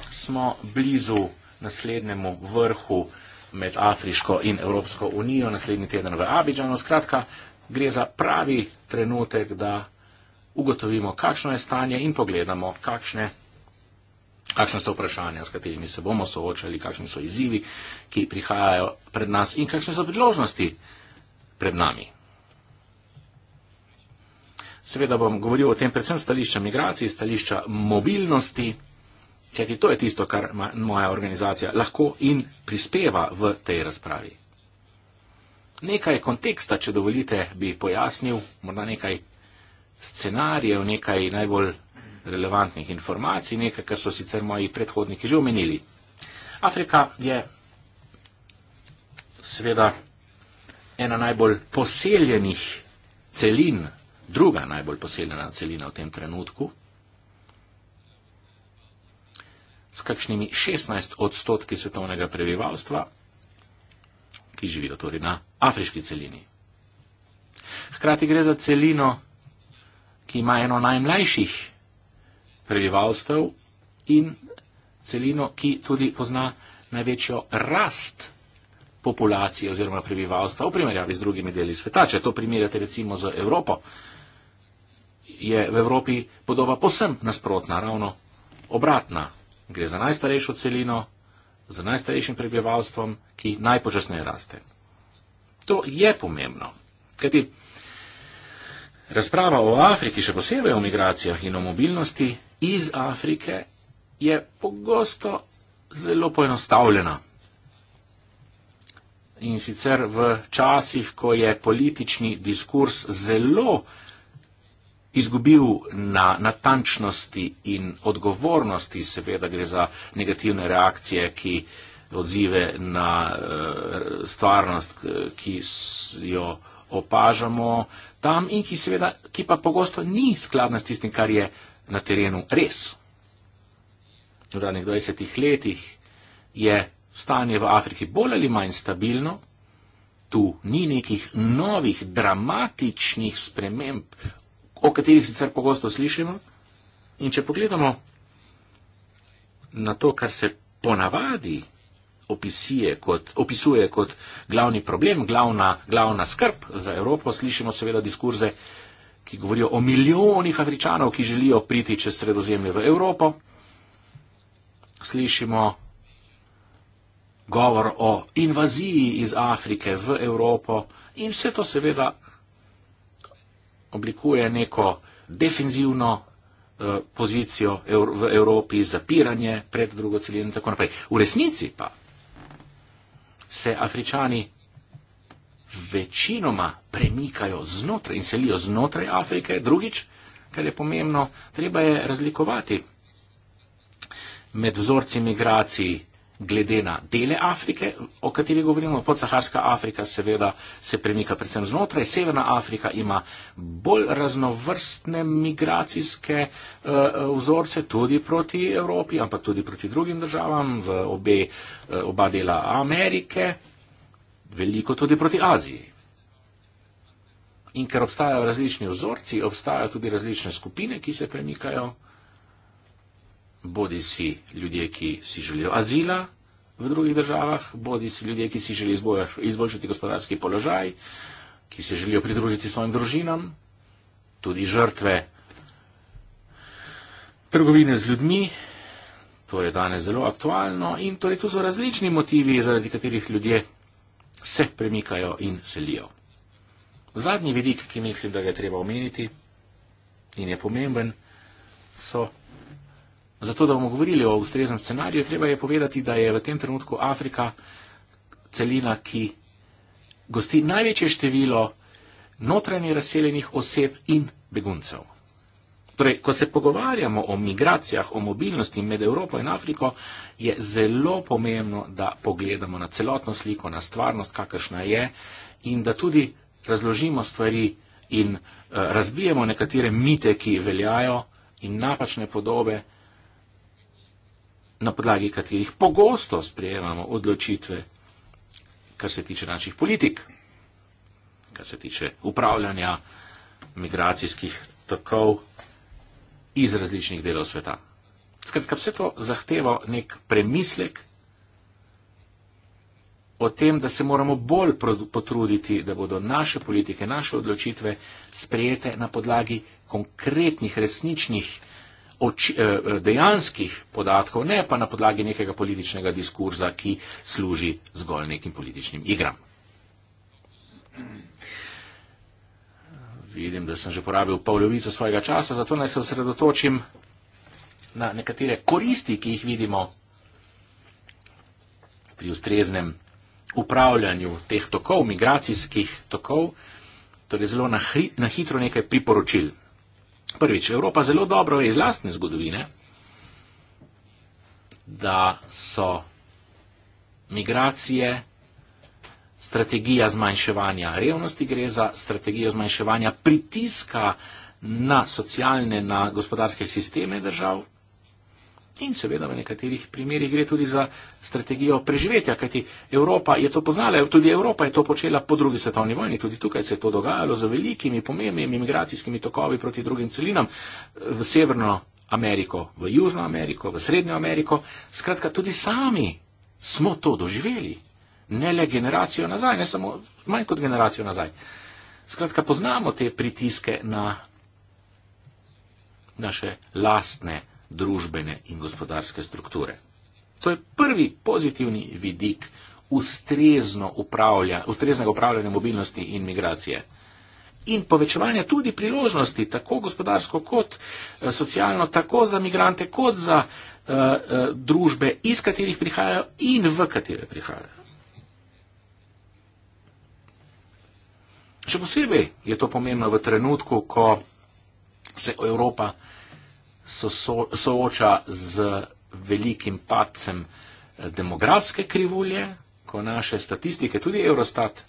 smo blizu naslednjemu vrhu med Afriško in Evropsko unijo, naslednji teden v Abidžanu. Skratka, gre za pravi trenutek, da ugotovimo, kakšno je stanje in pogledamo, kakšne, kakšne so vprašanja, s katerimi se bomo soočali, kakšni so izzivi, ki prihajajo pred nas in kakšne so priložnosti pred nami. Seveda bom govoril o tem predvsem stališča migracij, stališča mobilnosti, ker ti to je tisto, kar moja organizacija lahko in prispeva v tej razpravi nekaj konteksta, če dovolite, bi pojasnil, morda nekaj scenarijev, nekaj najbolj relevantnih informacij, nekaj, kar so sicer moji predhodniki že omenili. Afrika je seveda ena najbolj poseljenih celin, druga najbolj poseljena celina v tem trenutku, s kakšnimi 16 odstotki svetovnega prebivalstva, ki živijo torej na afriški celini. Hkrati gre za celino, ki ima eno najmlajših prebivalstev in celino, ki tudi pozna največjo rast populacije oziroma prebivalstva v primerjavi z drugimi deli sveta. Če to primerjate recimo z Evropo, je v Evropi podoba posem nasprotna, ravno obratna. Gre za najstarejšo celino, z najstarejšim prebivalstvom, ki najpočasneje raste. To je pomembno, kajti razprava o Afriki, še posebej o migracijah in o mobilnosti iz Afrike, je pogosto zelo poenostavljena. In sicer v časih, ko je politični diskurs zelo izgubil na natančnosti in odgovornosti, seveda gre za negativne reakcije, ki odzive na eh, stvarnost, ki jo opažamo tam in ki, seveda, ki pa pogosto ni skladna s tistim, kar je na terenu res. V zadnjih 20 letih je stanje v Afriki bolj ali manj stabilno, tu ni nekih novih dramatičnih sprememb o katerih sicer pogosto slišimo. In če pogledamo na to, kar se ponavadi kot, opisuje kot glavni problem, glavna, glavna skrb za Evropo, slišimo seveda diskurze, ki govorijo o milijonih Afričanov, ki želijo priti čez sredozemlje v Evropo. Slišimo govor o invaziji iz Afrike v Evropo in vse to seveda oblikuje neko defenzivno eh, pozicijo v Evropi, zapiranje pred drugo celino in tako naprej. V resnici pa se Afričani večinoma premikajo znotraj in selijo znotraj Afrike. Drugič, kar je pomembno, treba je razlikovati med vzorci migracij glede na dele Afrike, o kateri govorimo, podsaharska Afrika seveda se premika predvsem znotraj, severna Afrika ima bolj raznovrstne migracijske uh, vzorce tudi proti Evropi, ampak tudi proti drugim državam, v obe, uh, oba dela Amerike, veliko tudi proti Aziji. In ker obstajajo različni vzorci, obstajajo tudi različne skupine, ki se premikajo bodi si ljudje, ki si želijo azila v drugih državah, bodi si ljudje, ki si želijo izboljšati gospodarski položaj, ki se želijo pridružiti svojim družinam, tudi žrtve trgovine z ljudmi. To je danes zelo aktualno in torej tu so različni motivi, zaradi katerih ljudje se premikajo in selijo. Zadnji vidik, ki mislim, da ga je treba omeniti in je pomemben, so Zato, da bomo govorili o ustreznem scenariju, treba je povedati, da je v tem trenutku Afrika celina, ki gosti največje število notranje razseljenih oseb in beguncev. Torej, ko se pogovarjamo o migracijah, o mobilnosti med Evropo in Afriko, je zelo pomembno, da pogledamo na celotno sliko, na stvarnost, kakršna je in da tudi razložimo stvari in uh, razbijemo nekatere mite, ki veljajo in napačne podobe, uh, na podlagi katerih pogosto sprejemamo odločitve, kar se tiče naših politik, kar se tiče upravljanja migracijskih tokov iz različnih delov sveta. Skratka, vse to zahteva nek premislek o tem, da se moramo bolj potruditi, da bodo naše politike, naše odločitve sprejete na podlagi konkretnih, resničnih Eh, dejanskih podatkov, ne pa na podlagi nekega političnega diskurza, ki služi zgolj nekim političnim igram. Vidim, da sem že porabil polovico svojega časa, zato naj se osredotočim na nekatere koristi, ki jih vidimo pri ustreznem upravljanju teh tokov, migracijskih tokov, torej zelo na hitro nekaj priporočil. Prvič, Evropa zelo dobro ve iz lastne zgodovine, da so migracije strategija zmanjševanja revnosti, gre za strategijo zmanjševanja pritiska na socialne, na gospodarske sisteme držav, In seveda v nekaterih primerjih gre tudi za strategijo preživetja, kajti Evropa je to poznala, tudi Evropa je to počela po drugi svetovni vojni, tudi tukaj se je to dogajalo z velikimi pomembnimi imigracijskimi tokovi proti drugim celinam v Severno Ameriko, v Južno Ameriko, v Srednjo Ameriko. Skratka, tudi sami smo to doživeli, ne le generacijo nazaj, ne samo manj kot generacijo nazaj. Skratka, poznamo te pritiske na naše lastne družbene in gospodarske strukture. To je prvi pozitivni vidik ustrezno upravlja, ustreznega upravljanja mobilnosti in migracije. In povečevanje tudi priložnosti, tako gospodarsko kot eh, socialno, tako za migrante, kot za uh, uh, družbe, iz katerih prihajajo in v katere prihajajo. Še posebej je to pomembno v trenutku, ko se Evropa uh, so so, sooča z velikim padcem eh, demografske krivulje, ko naše statistike, tudi Eurostat,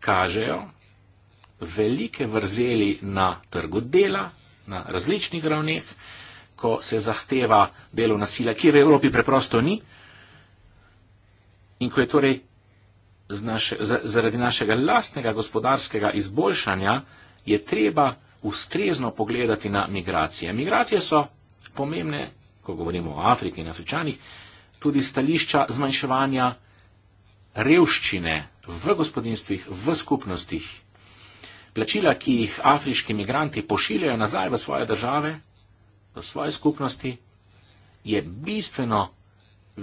kažejo velike vrzeli na trgu dela, na različnih ravneh, ko se zahteva delovna sila, ki v Evropi preprosto ni, in ko je torej naše, zaradi našega lastnega gospodarskega izboljšanja, je treba ustrezno pogledati na migracije. Migracije so pomembne, ko govorimo o Afriki in Afričanih, tudi stališča zmanjševanja revščine v gospodinstvih, v skupnostih. Plačila, ki jih afriški migranti pošiljajo nazaj v svoje države, v svoje skupnosti, je bistveno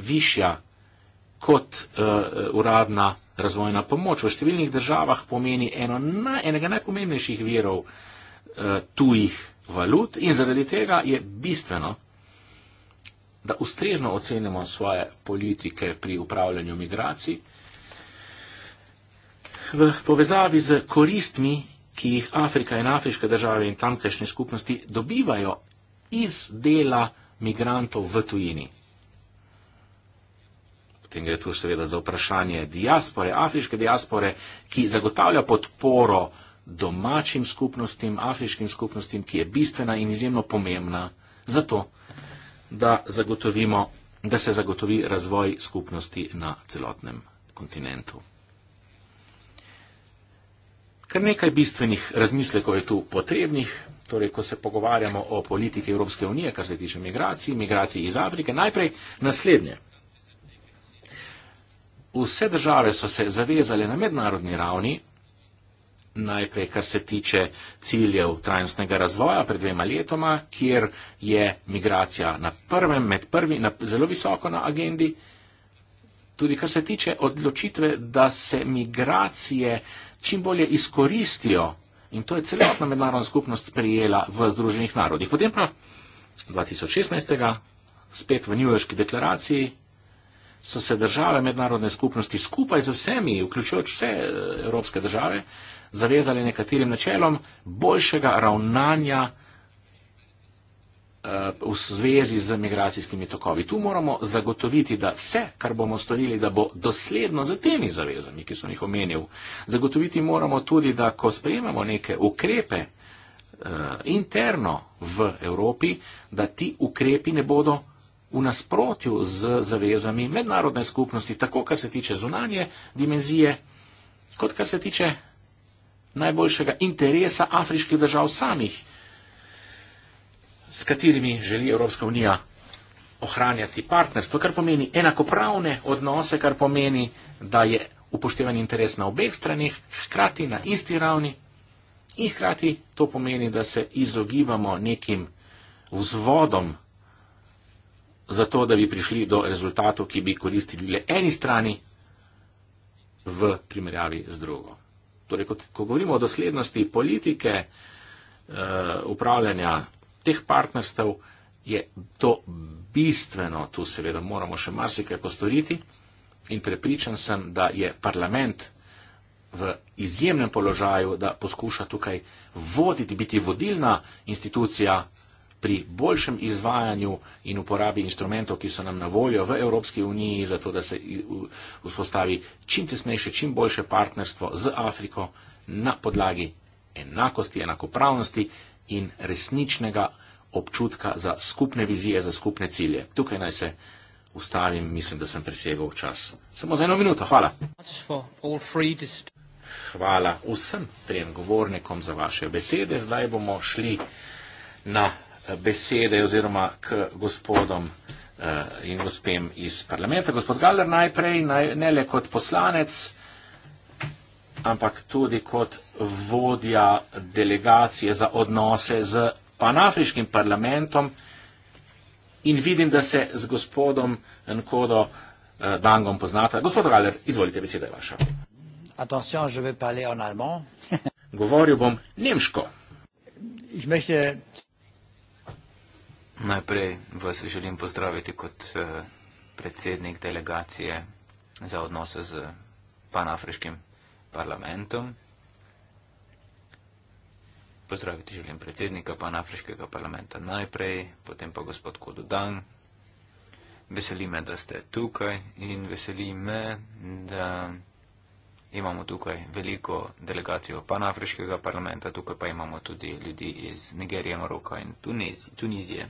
višja kot uh, uradna razvojna pomoč. V številnih državah pomeni eno na, enega najpomembnejših virov uh, Eh, tujih valut in zaradi tega je bistveno, da ustrezno ocenimo svoje politike pri upravljanju migracij v povezavi z koristmi, ki jih Afrika in afriške države in tamkajšnje skupnosti dobivajo iz dela migrantov v tujini. Potem gre tu seveda za vprašanje diaspore, afriške diaspore, ki zagotavlja podporo domačim skupnostim, afriškim skupnostim, ki je bistvena in izjemno pomembna za to, da, da se zagotovi razvoj skupnosti na celotnem kontinentu. Kar nekaj bistvenih razmislekov je tu potrebnih, torej ko se pogovarjamo o politiki Evropske unije, kar se tiče migracij, migracij iz Afrike, najprej naslednje. Vse države so se zavezale na mednarodni ravni, najprej, kar se tiče ciljev trajnostnega razvoja pred dvema letoma, kjer je migracija na prvem, med prvi, na, zelo visoko na agendi. Tudi kar se tiče odločitve, da se migracije čim bolje izkoristijo in to je celotna mednarodna skupnost sprijela v Združenih narodih. Potem pa 2016. spet v New Yorkski deklaraciji so se države mednarodne skupnosti skupaj z vsemi, vključujoč vse eh, evropske države, zavezali nekaterim načelom boljšega ravnanja eh, v zvezi z migracijskimi tokovi. Tu moramo zagotoviti, da vse, kar bomo storili, da bo dosledno za temi zavezami, ki sem jih omenil. Zagotoviti moramo tudi, da ko sprejemamo neke ukrepe eh, interno v Evropi, da ti ukrepi ne bodo v nasprotju z zavezami mednarodne skupnosti, tako kar se tiče zunanje dimenzije, kot kar se tiče najboljšega interesa afriških držav samih, s katerimi želi Evropska unija ohranjati partnerstvo, kar pomeni enakopravne odnose, kar pomeni, da je upoštevan interes na obeh stranih, hkrati na isti ravni in hkrati to pomeni, da se izogibamo nekim vzvodom za to, da bi prišli do rezultatov, ki bi koristili le eni strani v primerjavi z drugo. Torej, kot, ko govorimo o doslednosti politike eh, upravljanja teh partnerstev, je to bistveno, tu seveda moramo še marsikaj postoriti in prepričan sem, da je parlament v izjemnem položaju, da poskuša tukaj voditi, biti vodilna institucija pri boljšem izvajanju in uporabi instrumentov, ki so nam na voljo v Evropski uniji, zato da se vzpostavi čim tesnejše, čim boljše partnerstvo z Afriko na podlagi enakosti, enakopravnosti in resničnega občutka za skupne vizije, za skupne cilje. Tukaj naj se ustavim, mislim, da sem presegal čas. Samo za eno minuto, hvala. Hvala vsem trem govornikom za vaše besede. Zdaj bomo šli na besede oziroma k gospodom eh, in gospem iz parlamenta. Gospod Galler najprej, ne le kot poslanec, ampak tudi kot vodja delegacije za odnose z panafriškim parlamentom in vidim, da se z gospodom Nkodo eh, Dangom poznate. Gospod Galler, izvolite, beseda je vaša. Attention, je vais parler en allemand. Govoril bom nemško. Ich möchte Najprej vas želim pozdraviti kot eh, predsednik delegacije za odnose z panafriškim parlamentom. Pozdraviti želim predsednika panafriškega parlamenta najprej, potem pa gospod Kododan. Veseli me, da ste tukaj in veseli me, da imamo tukaj veliko delegacijo panafriškega parlamenta, tukaj pa imamo tudi ljudi iz Nigerije, Maroka in Tunizije. Tunizije.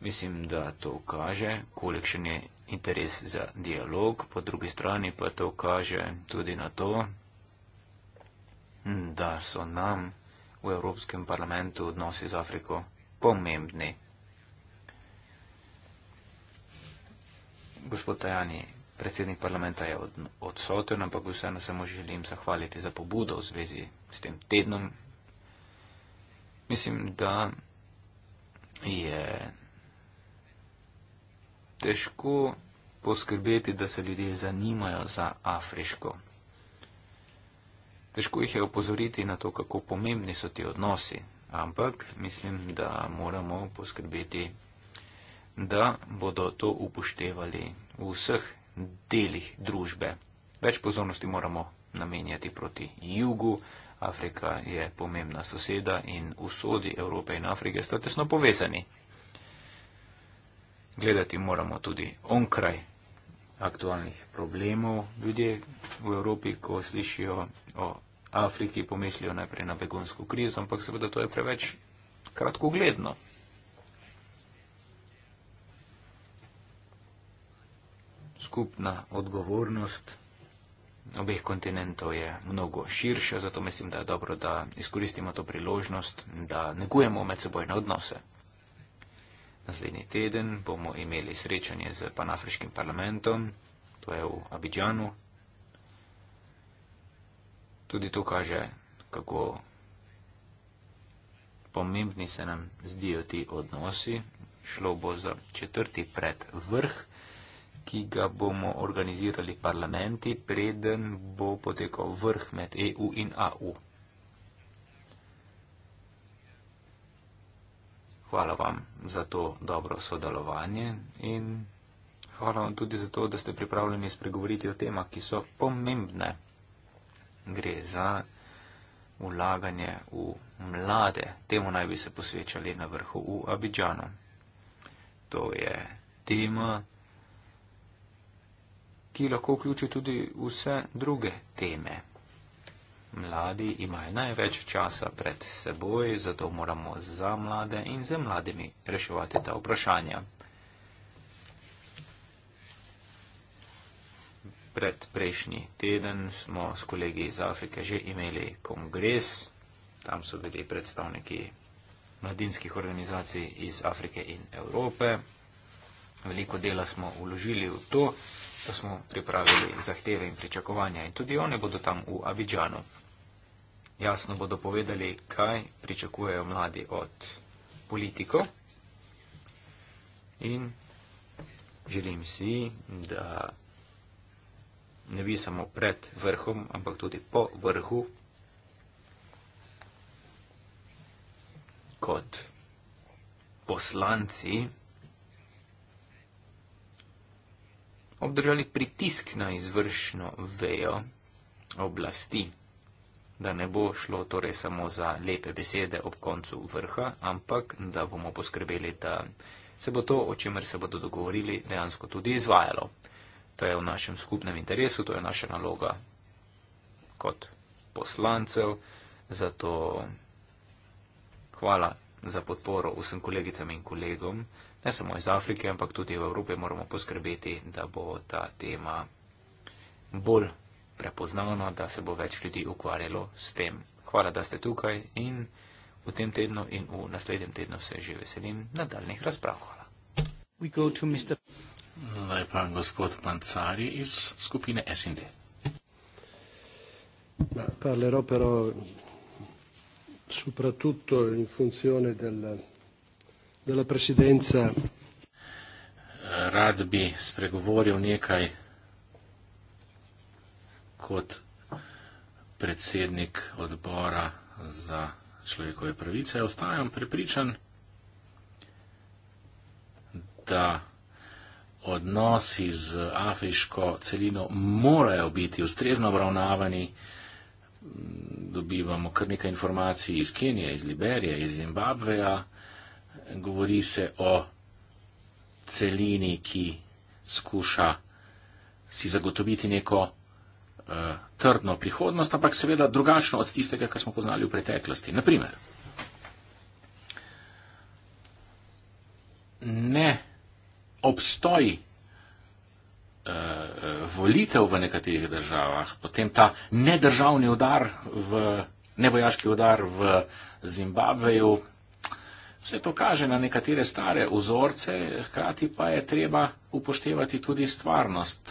Mislim, da to kaže, kolikšen je interes za dialog, po drugi strani pa to kaže tudi na to, da so nam v Evropskem parlamentu odnosi z Afriko pomembni. Gospod Tajani, predsednik parlamenta je odsoten, ampak vseeno samo želim zahvaliti za pobudo v zvezi s tem tednom. Mislim, da je težko poskrbeti, da se ljudje zanimajo za afriško. Težko jih je opozoriti na to, kako pomembni so ti odnosi, ampak mislim, da moramo poskrbeti, da bodo to upoštevali v vseh delih družbe. Več pozornosti moramo namenjati proti jugu. Afrika je pomembna soseda in usodi Evrope in Afrike sta tesno povezani gledati moramo tudi onkraj aktualnih problemov. Ljudje v Evropi, ko slišijo o Afriki, pomislijo najprej na begunsko krizo, ampak seveda to je preveč kratkogledno. Skupna odgovornost obeh kontinentov je mnogo širša, zato mislim, da je dobro, da izkoristimo to priložnost, da negujemo medsebojne odnose. Naslednji teden bomo imeli srečanje z panafriškim parlamentom, to je v Abidžanu. Tudi to kaže, kako pomembni se nam zdijo ti odnosi. Šlo bo za četrti predvrh, ki ga bomo organizirali parlamenti, preden bo potekal vrh med EU in AU. Hvala vam za to dobro sodelovanje in hvala vam tudi za to, da ste pripravljeni spregovoriti o temah, ki so pomembne. Gre za ulaganje v mlade. Temu naj bi se posvečali na vrhu v Abidžanu. To je tema, ki lahko vključi tudi vse druge teme. Mladi imajo največ časa pred seboj, zato moramo za mlade in z mladimi reševati ta vprašanja. Pred prejšnji teden smo s kolegi iz Afrike že imeli kongres, tam so bili predstavniki mladinskih organizacij iz Afrike in Evrope. Veliko dela smo uložili v to, da smo pripravili zahteve in pričakovanja in tudi one bodo tam v Abidžanu jasno bodo povedali, kaj pričakujejo mladi od politikov. In želim si, da ne bi samo pred vrhom, ampak tudi po vrhu kot poslanci obdržali pritisk na izvršno vejo oblasti da ne bo šlo torej samo za lepe besede ob koncu vrha, ampak da bomo poskrbeli, da se bo to, o čemer se bodo dogovorili, dejansko tudi izvajalo. To je v našem skupnem interesu, to je naša naloga kot poslancev, zato hvala za podporo vsem kolegicam in kolegom, ne samo iz Afrike, ampak tudi v Evropi moramo poskrbeti, da bo ta tema bolj prepoznavno, da se bo več ljudi ukvarjalo s tem. Hvala, da ste tukaj in v tem tednu in v naslednjem tednu se že veselim nadaljnih razprav. Hvala. Zdaj pa gospod Pancari iz skupine SND. Parlerò però soprattutto in funzione della, della Presidenza. Rad bi spregovoril nekaj kot predsednik odbora za človekove pravice. Ostajam prepričan, da odnosi z afriško celino morajo biti ustrezno obravnavani. Dobivamo kar nekaj informacij iz Kenije, iz Liberije, iz Zimbabveja. Govori se o celini, ki skuša si zagotoviti neko uh, trdno prihodnost, ampak seveda drugačno od tistega, kar smo poznali v preteklosti. Naprimer, ne obstoj uh, volitev v nekaterih državah, potem ta nedržavni udar, v, nevojaški udar v Zimbabveju, Vse to kaže na nekatere stare vzorce, hkrati pa je treba upoštevati tudi stvarnost,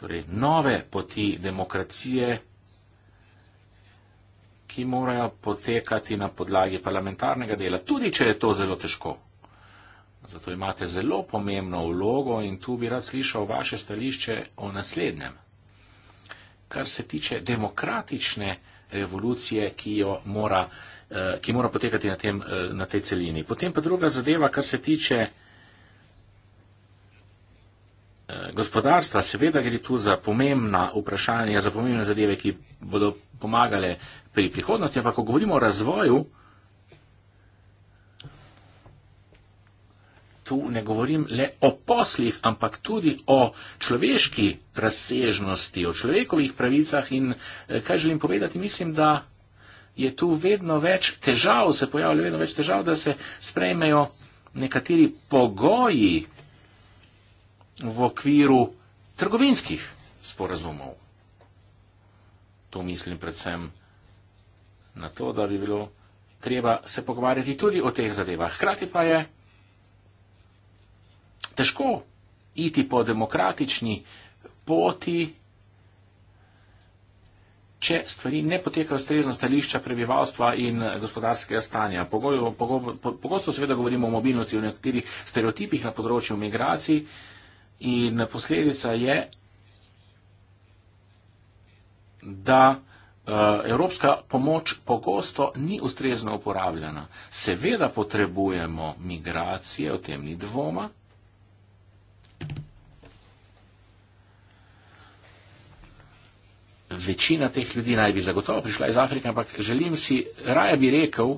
torej nove poti demokracije, ki morajo potekati na podlagi parlamentarnega dela, tudi če je to zelo težko. Zato imate zelo pomembno vlogo in tu bi rad slišal vaše stališče o naslednjem. Kar se tiče demokratične revolucije, ki, mora, eh, ki mora potekati na, tem, eh, na tej celini. Potem pa druga zadeva, kar se tiče Eh, gospodarstva, seveda gre tu za pomembna vprašanja, za pomembne zadeve, ki bodo pomagale pri prihodnosti, ampak ko govorimo o razvoju, tu ne govorim le o poslih, ampak tudi o človeški razsežnosti, o človekovih pravicah in eh, kaj želim povedati, mislim, da je tu vedno več težav, se pojavlja vedno več težav, da se sprejmejo nekateri pogoji, v okviru trgovinskih sporazumov. Tu mislim predvsem na to, da bi bilo treba se pogovarjati tudi o teh zadevah. Hkrati pa je težko iti po demokratični poti, če stvari ne potekajo strezno stališča prebivalstva in gospodarskega stanja. Pogosto seveda govorimo o mobilnosti, o nekaterih stereotipih na področju migracij. In posledica je, da eh, evropska pomoč pogosto ni ustrezno uporabljena. Seveda potrebujemo migracije, o tem ni dvoma. Večina teh ljudi naj bi zagotovo prišla iz Afrike, ampak želim si, raje bi rekel,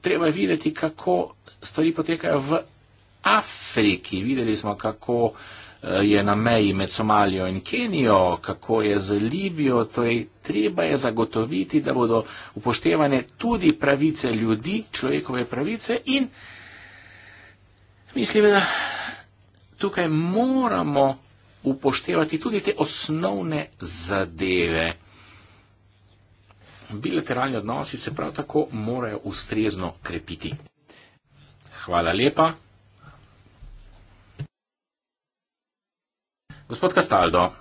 treba je videti, kako stvari potekajo v Afriki. Videli smo, kako eh, je na meji med Somalijo in Kenijo, kako je z Libijo. Torej, treba je zagotoviti, da bodo upoštevane tudi pravice ljudi, človekove pravice in mislim, da tukaj moramo upoštevati tudi te osnovne zadeve. Bilateralni odnosi se prav tako morajo ustrezno krepiti. Hvala lepa. Gospod Kastaldo.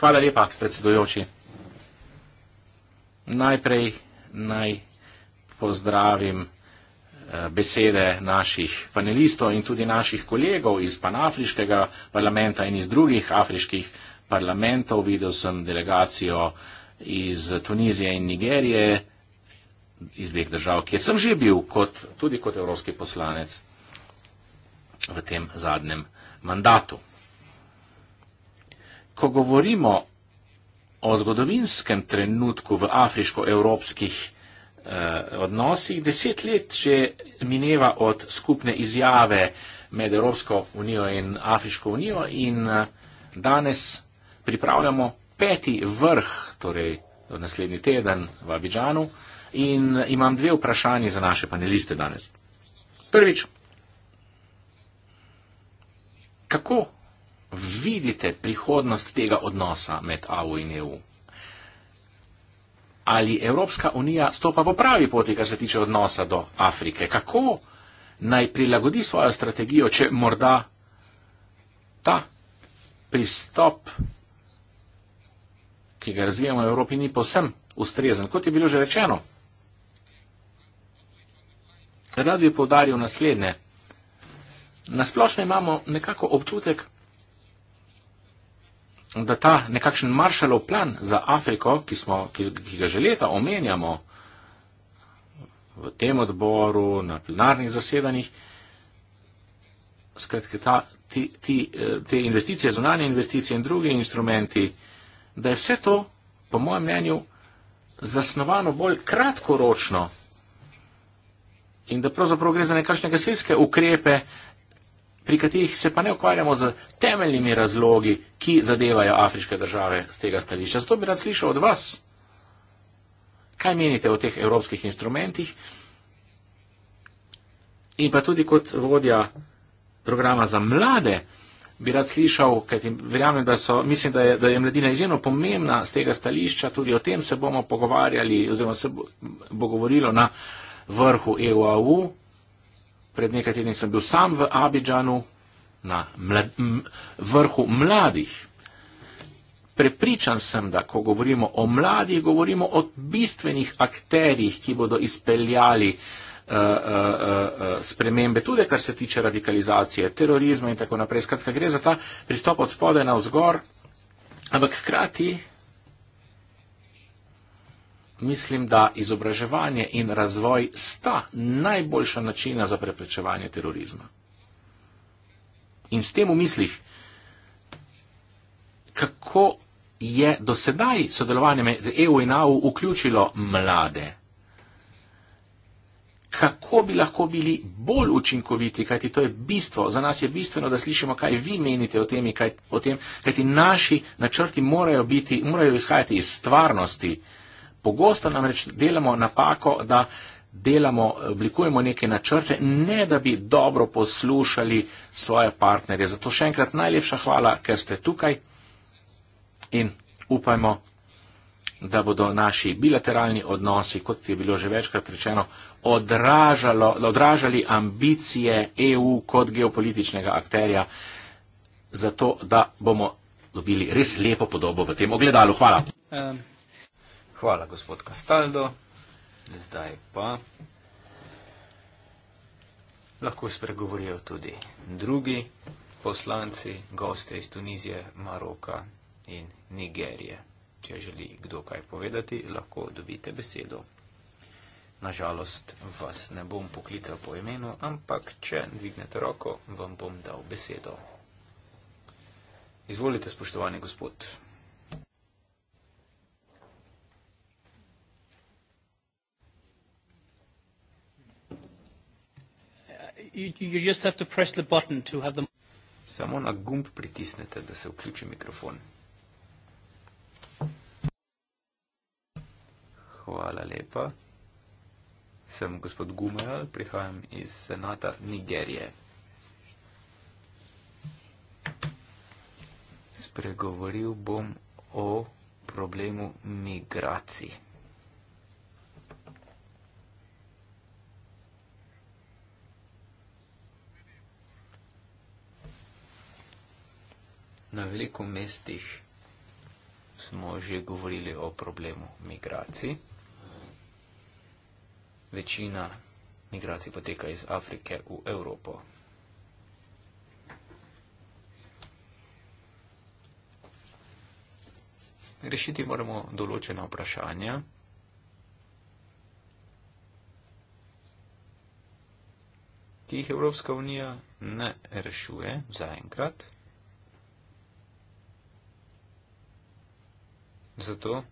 Hvala lepa, predsedujoči. Najprej naj pozdravim eh, besede naših panelistov in tudi naših kolegov iz panafriškega parlamenta in iz drugih afriških parlamentov. Videl sem delegacijo iz Tunizije in Nigerije, iz dveh držav, kjer sem že bil kot, tudi kot evropski poslanec v tem zadnjem mandatu ko govorimo o zgodovinskem trenutku v afriško-evropskih eh, odnosih, deset let že mineva od skupne izjave med Evropsko unijo in Afriško unijo in eh, danes pripravljamo peti vrh, torej naslednji teden v Abidžanu in eh, imam dve vprašanje za naše paneliste danes. Prvič, kako vidite prihodnost tega odnosa med AU in EU? Ali Evropska unija stopa po pravi poti, kar se tiče odnosa do Afrike? Kako naj prilagodi svojo strategijo, če morda ta pristop, ki ga razvijamo v Evropi, ni povsem ustrezen, kot je bilo že rečeno? Rad bi poudaril naslednje. Nasplošno imamo nekako občutek, da ta nekakšen maršalov plan za Afriko, ki, smo, ki, ki ga že leta omenjamo v tem odboru, na plenarnih zasedanjih, skratka, ta, ti, ti, te investicije, zunanje investicije in drugi instrumenti, da je vse to, po mojem mnenju, zasnovano bolj kratkoročno in da pravzaprav gre za nekakšne gasilske ukrepe, pri katerih se pa ne ukvarjamo z temeljnimi razlogi, ki zadevajo afriške države z tega stališča. Zato bi rad slišal od vas, kaj menite o teh evropskih instrumentih in pa tudi kot vodja programa za mlade bi rad slišal, kajti verjamem, da so, mislim, da je, da je mladina izjemno pomembna z tega stališča, tudi o tem se bomo pogovarjali oziroma se bo, bo govorilo na vrhu EUAU pred nekaj tedni sem bil sam v Abidžanu na mle, m, vrhu mladih. Prepričan sem, da ko govorimo o mladih, govorimo o bistvenih akterjih, ki bodo izpeljali uh, uh, uh, spremembe, tudi kar se tiče radikalizacije, terorizma in tako naprej. Skratka, gre za ta pristop od spode na vzgor, ampak hkrati mislim, da izobraževanje in razvoj sta najboljša načina za preprečevanje terorizma. In s tem v mislih, kako je do sedaj sodelovanje med EU in AU vključilo mlade, kako bi lahko bili bolj učinkoviti, kajti to je bistvo, za nas je bistveno, da slišimo, kaj vi menite o tem, kaj, o tem kajti naši načrti morajo, biti, morajo izhajati iz stvarnosti. Pogosto namreč delamo napako, da delamo, oblikujemo neke načrte, ne da bi dobro poslušali svoje partnerje. Zato še enkrat najlepša hvala, ker ste tukaj in upajmo, da bodo naši bilateralni odnosi, kot je bilo že večkrat rečeno, odražali ambicije EU kot geopolitičnega akterja, zato da bomo dobili res lepo podobo v tem ogledalu. Hvala. Um. Hvala, gospod Kastaldo. Zdaj pa lahko spregovorijo tudi drugi poslanci, goste iz Tunizije, Maroka in Nigerije. Če želi kdo kaj povedati, lahko dobite besedo. Nažalost, vas ne bom poklical po imenu, ampak če dvignete roko, vam bom dal besedo. Izvolite, spoštovani gospod. You just have to press the button to have them. Samo na gumb pritisnete, da se vključi mikrofon. Hvala lepa. Sem gospod Gumeral, prihajam iz senata Nigerije. Spregovoril bom o problemu migracij. Na veliko mestih smo že govorili o problemu migracij. Večina migracij poteka iz Afrike v Evropo. Rešiti moramo določena vprašanja. ki jih Evropska unija ne rešuje zaenkrat. Zato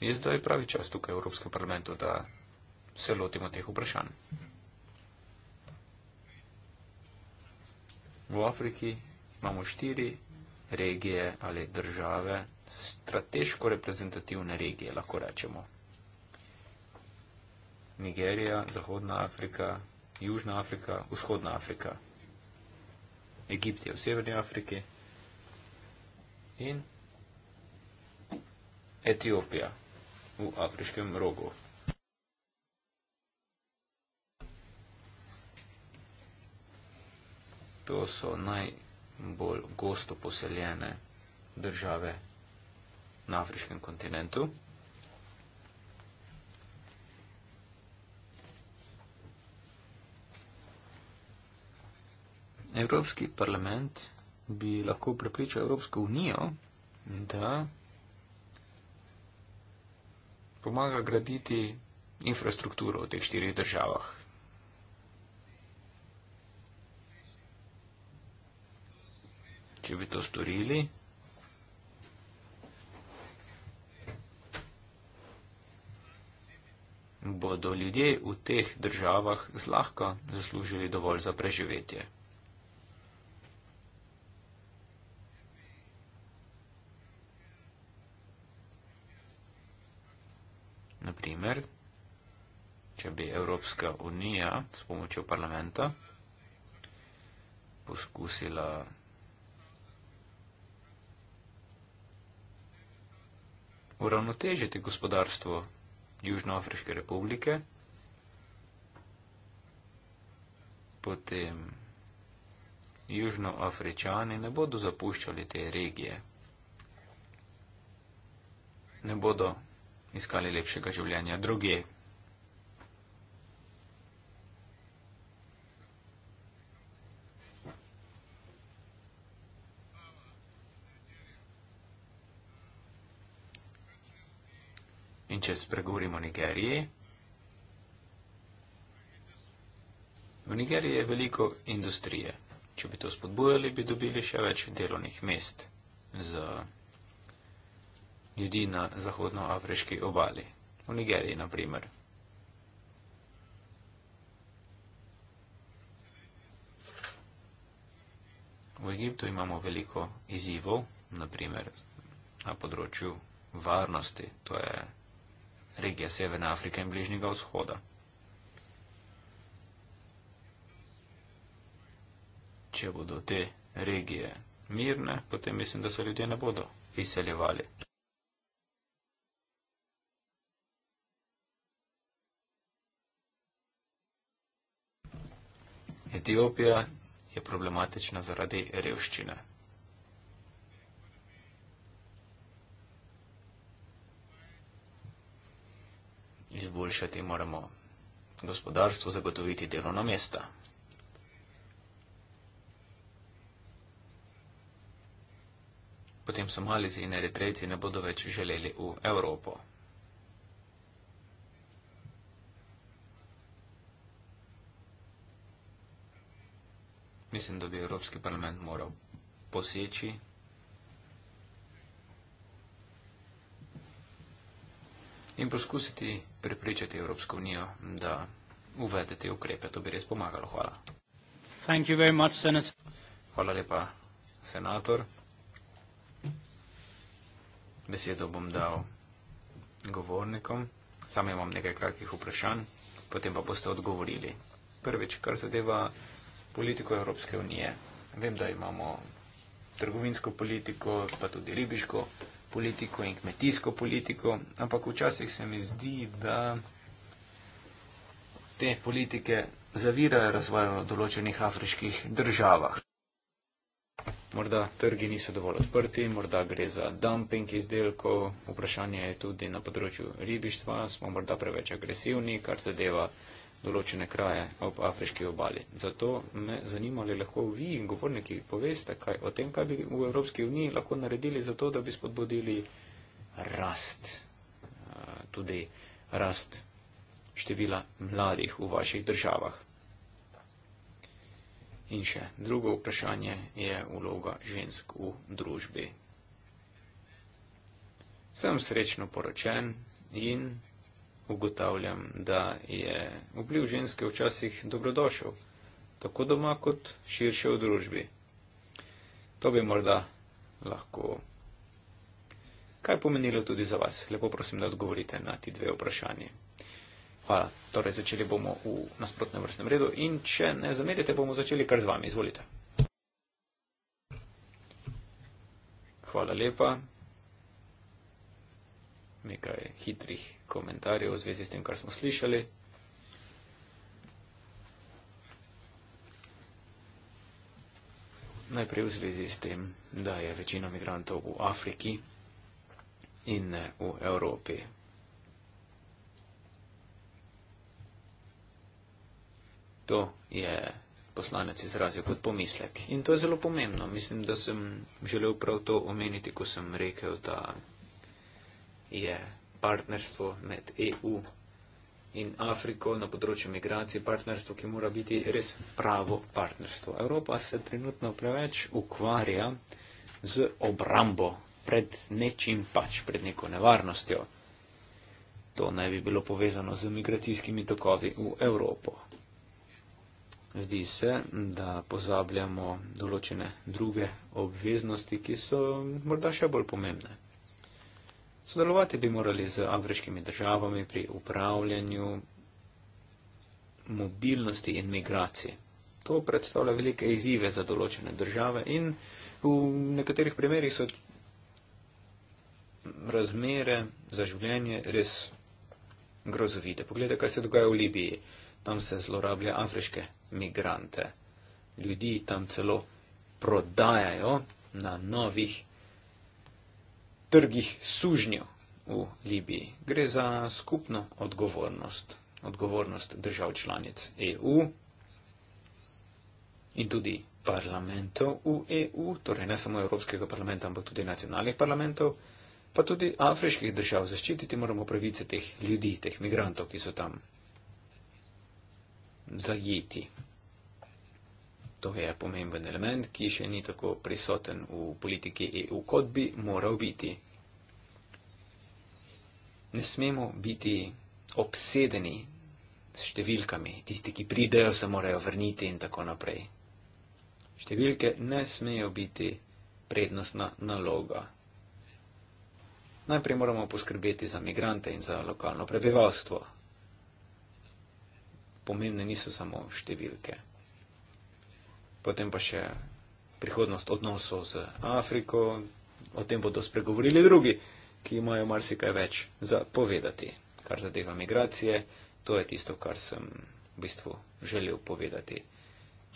je zdaj pravi čas tukaj v Evropskem parlamentu, da se lotimo teh vprašanj. V Afriki imamo štiri regije ali države, strateško reprezentativne regije, lahko rečemo. Nigerija, Zahodna Afrika, Južna Afrika, Vzhodna Afrika, Egipt je v Severni Afriki in Etiopija v afriškem rogu. To so najbolj gosto poseljene države na afriškem kontinentu. Evropski parlament bi lahko prepričal Evropsko unijo, da pomaga graditi infrastrukturo v teh štirih državah. Če bi to storili, bodo ljudje v teh državah zlahka zaslužili dovolj za preživetje. primer, če bi Evropska unija s pomočjo parlamenta poskusila uravnotežiti gospodarstvo Južnoafriške republike, potem Južnoafričani ne bodo zapuščali te regije. Ne bodo iskali lepšega življenja druge. In če spregovorimo o Nigeriji, v Nigeriji je veliko industrije. Če bi to spodbujali, bi dobili še več delovnih mest za ljudi na zahodnoafriški obali, v Nigeriji na primer. V Egiptu imamo veliko izzivov, naprimer na področju varnosti, to je regija Severne Afrike in Bližnjega vzhoda. Če bodo te regije mirne, potem mislim, da se ljudje ne bodo izseljevali. Etiopija je problematična zaradi revščine. Izboljšati moramo gospodarstvo, zagotoviti delovna mesta. Potem so Malizi in Eritrejci ne bodo več želeli v Evropo. mislim, da bi Evropski parlament moral poseči. In poskusiti prepričati Evropsko unijo, da uvede te ukrepe. To bi res pomagalo. Hvala. Much, Hvala lepa, senator. Besedo bom dal govornikom. Sam imam nekaj kratkih vprašanj, potem pa boste odgovorili. Prvič, kar zadeva politiko Evropske unije. Vem, da imamo trgovinsko politiko, pa tudi ribiško politiko in kmetijsko politiko, ampak včasih se mi zdi, da te politike zavirajo razvoj v določenih afriških državah. Morda trgi niso dovolj odprti, morda gre za dumping izdelkov, vprašanje je tudi na področju ribištva, smo morda preveč agresivni, kar zadeva določene kraje ob afriški obali. Zato me zanima, ali lahko vi in govorniki poveste kaj o tem, kaj bi v Evropski uniji lahko naredili za to, da bi spodbudili rast, eh, tudi rast števila mladih v vaših državah. In še drugo vprašanje je vloga žensk v družbi. Sem srečno poročen in ugotavljam, da je vpliv ženske včasih dobrodošel, tako doma kot širše v družbi. To bi morda lahko. Kaj pomenilo tudi za vas? Lepo prosim, da odgovorite na ti dve vprašanje. Hvala. Torej, začeli bomo v nasprotnem vrstnem redu in če ne zamerite, bomo začeli kar z vami. Izvolite. Hvala lepa nekaj hitrih komentarjev v zvezi s tem, kar smo slišali. Najprej v zvezi s tem, da je večina migrantov v Afriki in ne v Evropi. To je poslanec izrazil kot pomislek. In to je zelo pomembno. Mislim, da sem želel prav to omeniti, ko sem rekel, da je partnerstvo med EU in Afriko na področju migracije, partnerstvo, ki mora biti res pravo partnerstvo. Evropa se trenutno preveč ukvarja z obrambo pred nečim pač, pred neko nevarnostjo. To naj bi bilo povezano z migracijskimi tokovi v Evropo. Zdi se, da pozabljamo določene druge obveznosti, ki so morda še bolj pomembne. Sodelovati bi morali z afriškimi državami pri upravljanju mobilnosti in migracij. To predstavlja velike izzive za določene države in v nekaterih primerjih so razmere za življenje res grozovite. Poglejte, kaj se dogaja v Libiji. Tam se zlorablja afriške migrante. Ljudi tam celo prodajajo na novih trgih sužnjo v Libiji. Gre za skupno odgovornost, odgovornost držav članic EU in tudi parlamentov v EU, torej ne samo Evropskega parlamenta, ampak tudi nacionalnih parlamentov, pa tudi afriških držav. Zaščititi moramo pravice teh ljudi, teh migrantov, ki so tam zajeti. To je pomemben element, ki še ni tako prisoten v politiki EU, kot bi moral biti. Ne smemo biti obsedeni s številkami, tisti, ki pridejo, se morajo vrniti in tako naprej. Številke ne smejo biti prednostna naloga. Najprej moramo poskrbeti za migrante in za lokalno prebivalstvo. Pomembne niso samo številke potem pa še prihodnost odnosov z Afriko. O tem bodo spregovorili drugi, ki imajo marsikaj več za povedati. Kar zadeva migracije, to je tisto, kar sem v bistvu želel povedati.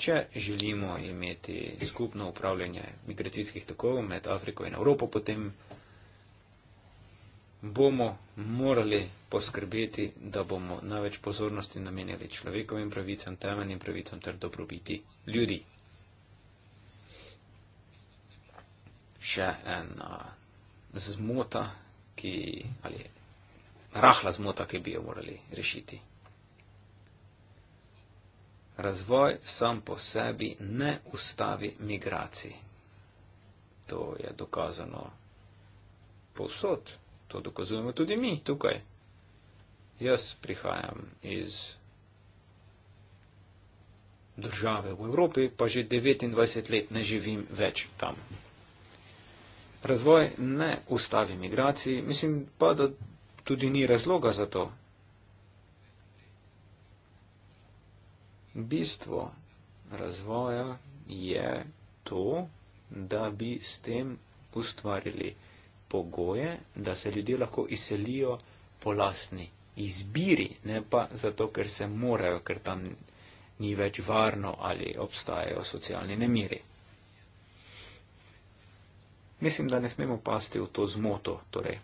Če želimo imeti skupno upravljanje migracijskih tokov med Afriko in Evropo, potem bomo morali poskrbeti, da bomo največ pozornosti namenjali človekovim pravicam, temeljnim pravicam ter dobrobiti ljudi. še ena zmota, ki, ali rahla zmota, ki bi jo morali rešiti. Razvoj sam po sebi ne ustavi migracij. To je dokazano povsod, to dokazujemo tudi mi tukaj. Jaz prihajam iz države v Evropi, pa že 29 let ne živim več tam razvoj ne ustavi migracij, mislim pa, da tudi ni razloga za to. Bistvo razvoja je to, da bi s tem ustvarili pogoje, da se ljudje lahko izselijo po lastni izbiri, ne pa zato, ker se morajo, ker tam ni več varno ali obstajajo socialni nemiri. Mislim, da ne smemo pasti v to zmoto, torej,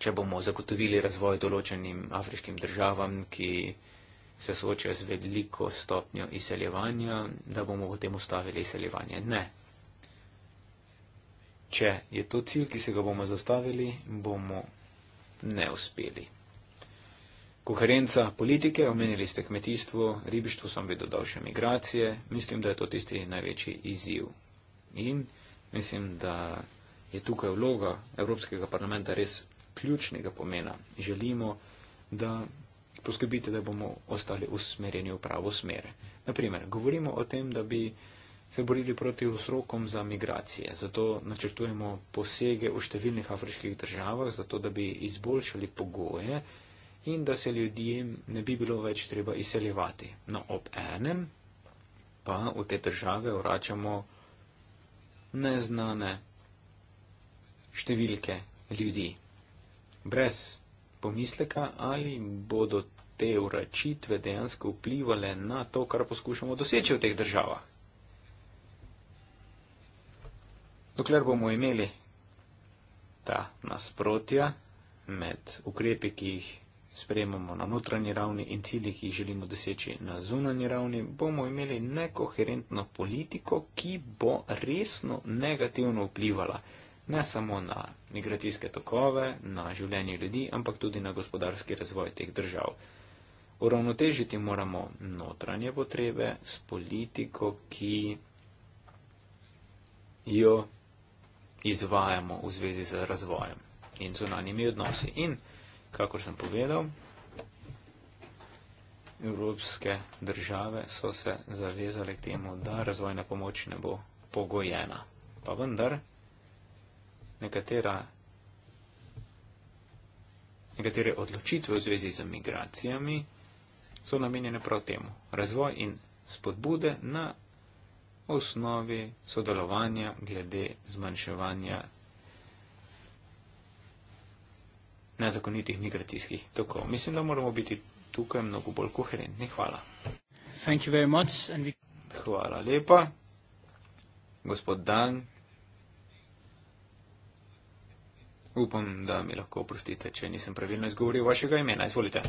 če bomo zagotovili razvoj določenim afriškim državam, ki se soočajo z veliko stopnjo izseljevanja, da bomo potem ustavili izseljevanje. Ne. Če je to cilj, ki se ga bomo zastavili, bomo ne uspeli. Koherenca politike, omenili ste kmetijstvo, ribištvo, sem bi dodal še migracije, mislim, da je to tisti največji izziv. In Mislim, da je tukaj vloga Evropskega parlamenta res ključnega pomena. Želimo, da poskrbite, da bomo ostali usmerjeni v pravo smer. Naprimer, govorimo o tem, da bi se borili proti usrokom za migracije. Zato načrtujemo posege v številnih afriških državah, zato da bi izboljšali pogoje in da se ljudem ne bi bilo več treba izseljevati. No, ob enem pa v te države vračamo neznane številke ljudi. Brez pomisleka, ali bodo te uračitve dejansko vplivali na to, kar poskušamo doseči v teh državah. Dokler bomo imeli ta nasprotja med ukrepi, ki jih sprejemamo na notranji ravni in cilji, ki jih želimo doseči na zunanji ravni, bomo imeli nekoherentno politiko, ki bo resno negativno vplivala ne samo na migracijske tokove, na življenje ljudi, ampak tudi na gospodarski razvoj teh držav. Uravnotežiti moramo notranje potrebe s politiko, ki jo izvajamo v zvezi z razvojem in zunanjimi odnosi. In kakor sem povedal, evropske države so se zavezale k temu, da razvojna pomoč ne bo pogojena. Pa vendar, nekatera, nekatere odločitve v zvezi z migracijami so namenjene prav temu. Razvoj in spodbude na osnovi sodelovanja glede zmanjševanja nezakonitih migracijskih tokov. Mislim, da moramo biti tukaj mnogo bolj koherentni. Hvala. Thank you very much and we... Hvala lepa. Gospod Dan, upam, da mi lahko oprostite, če nisem pravilno izgovoril vašega imena. Izvolite.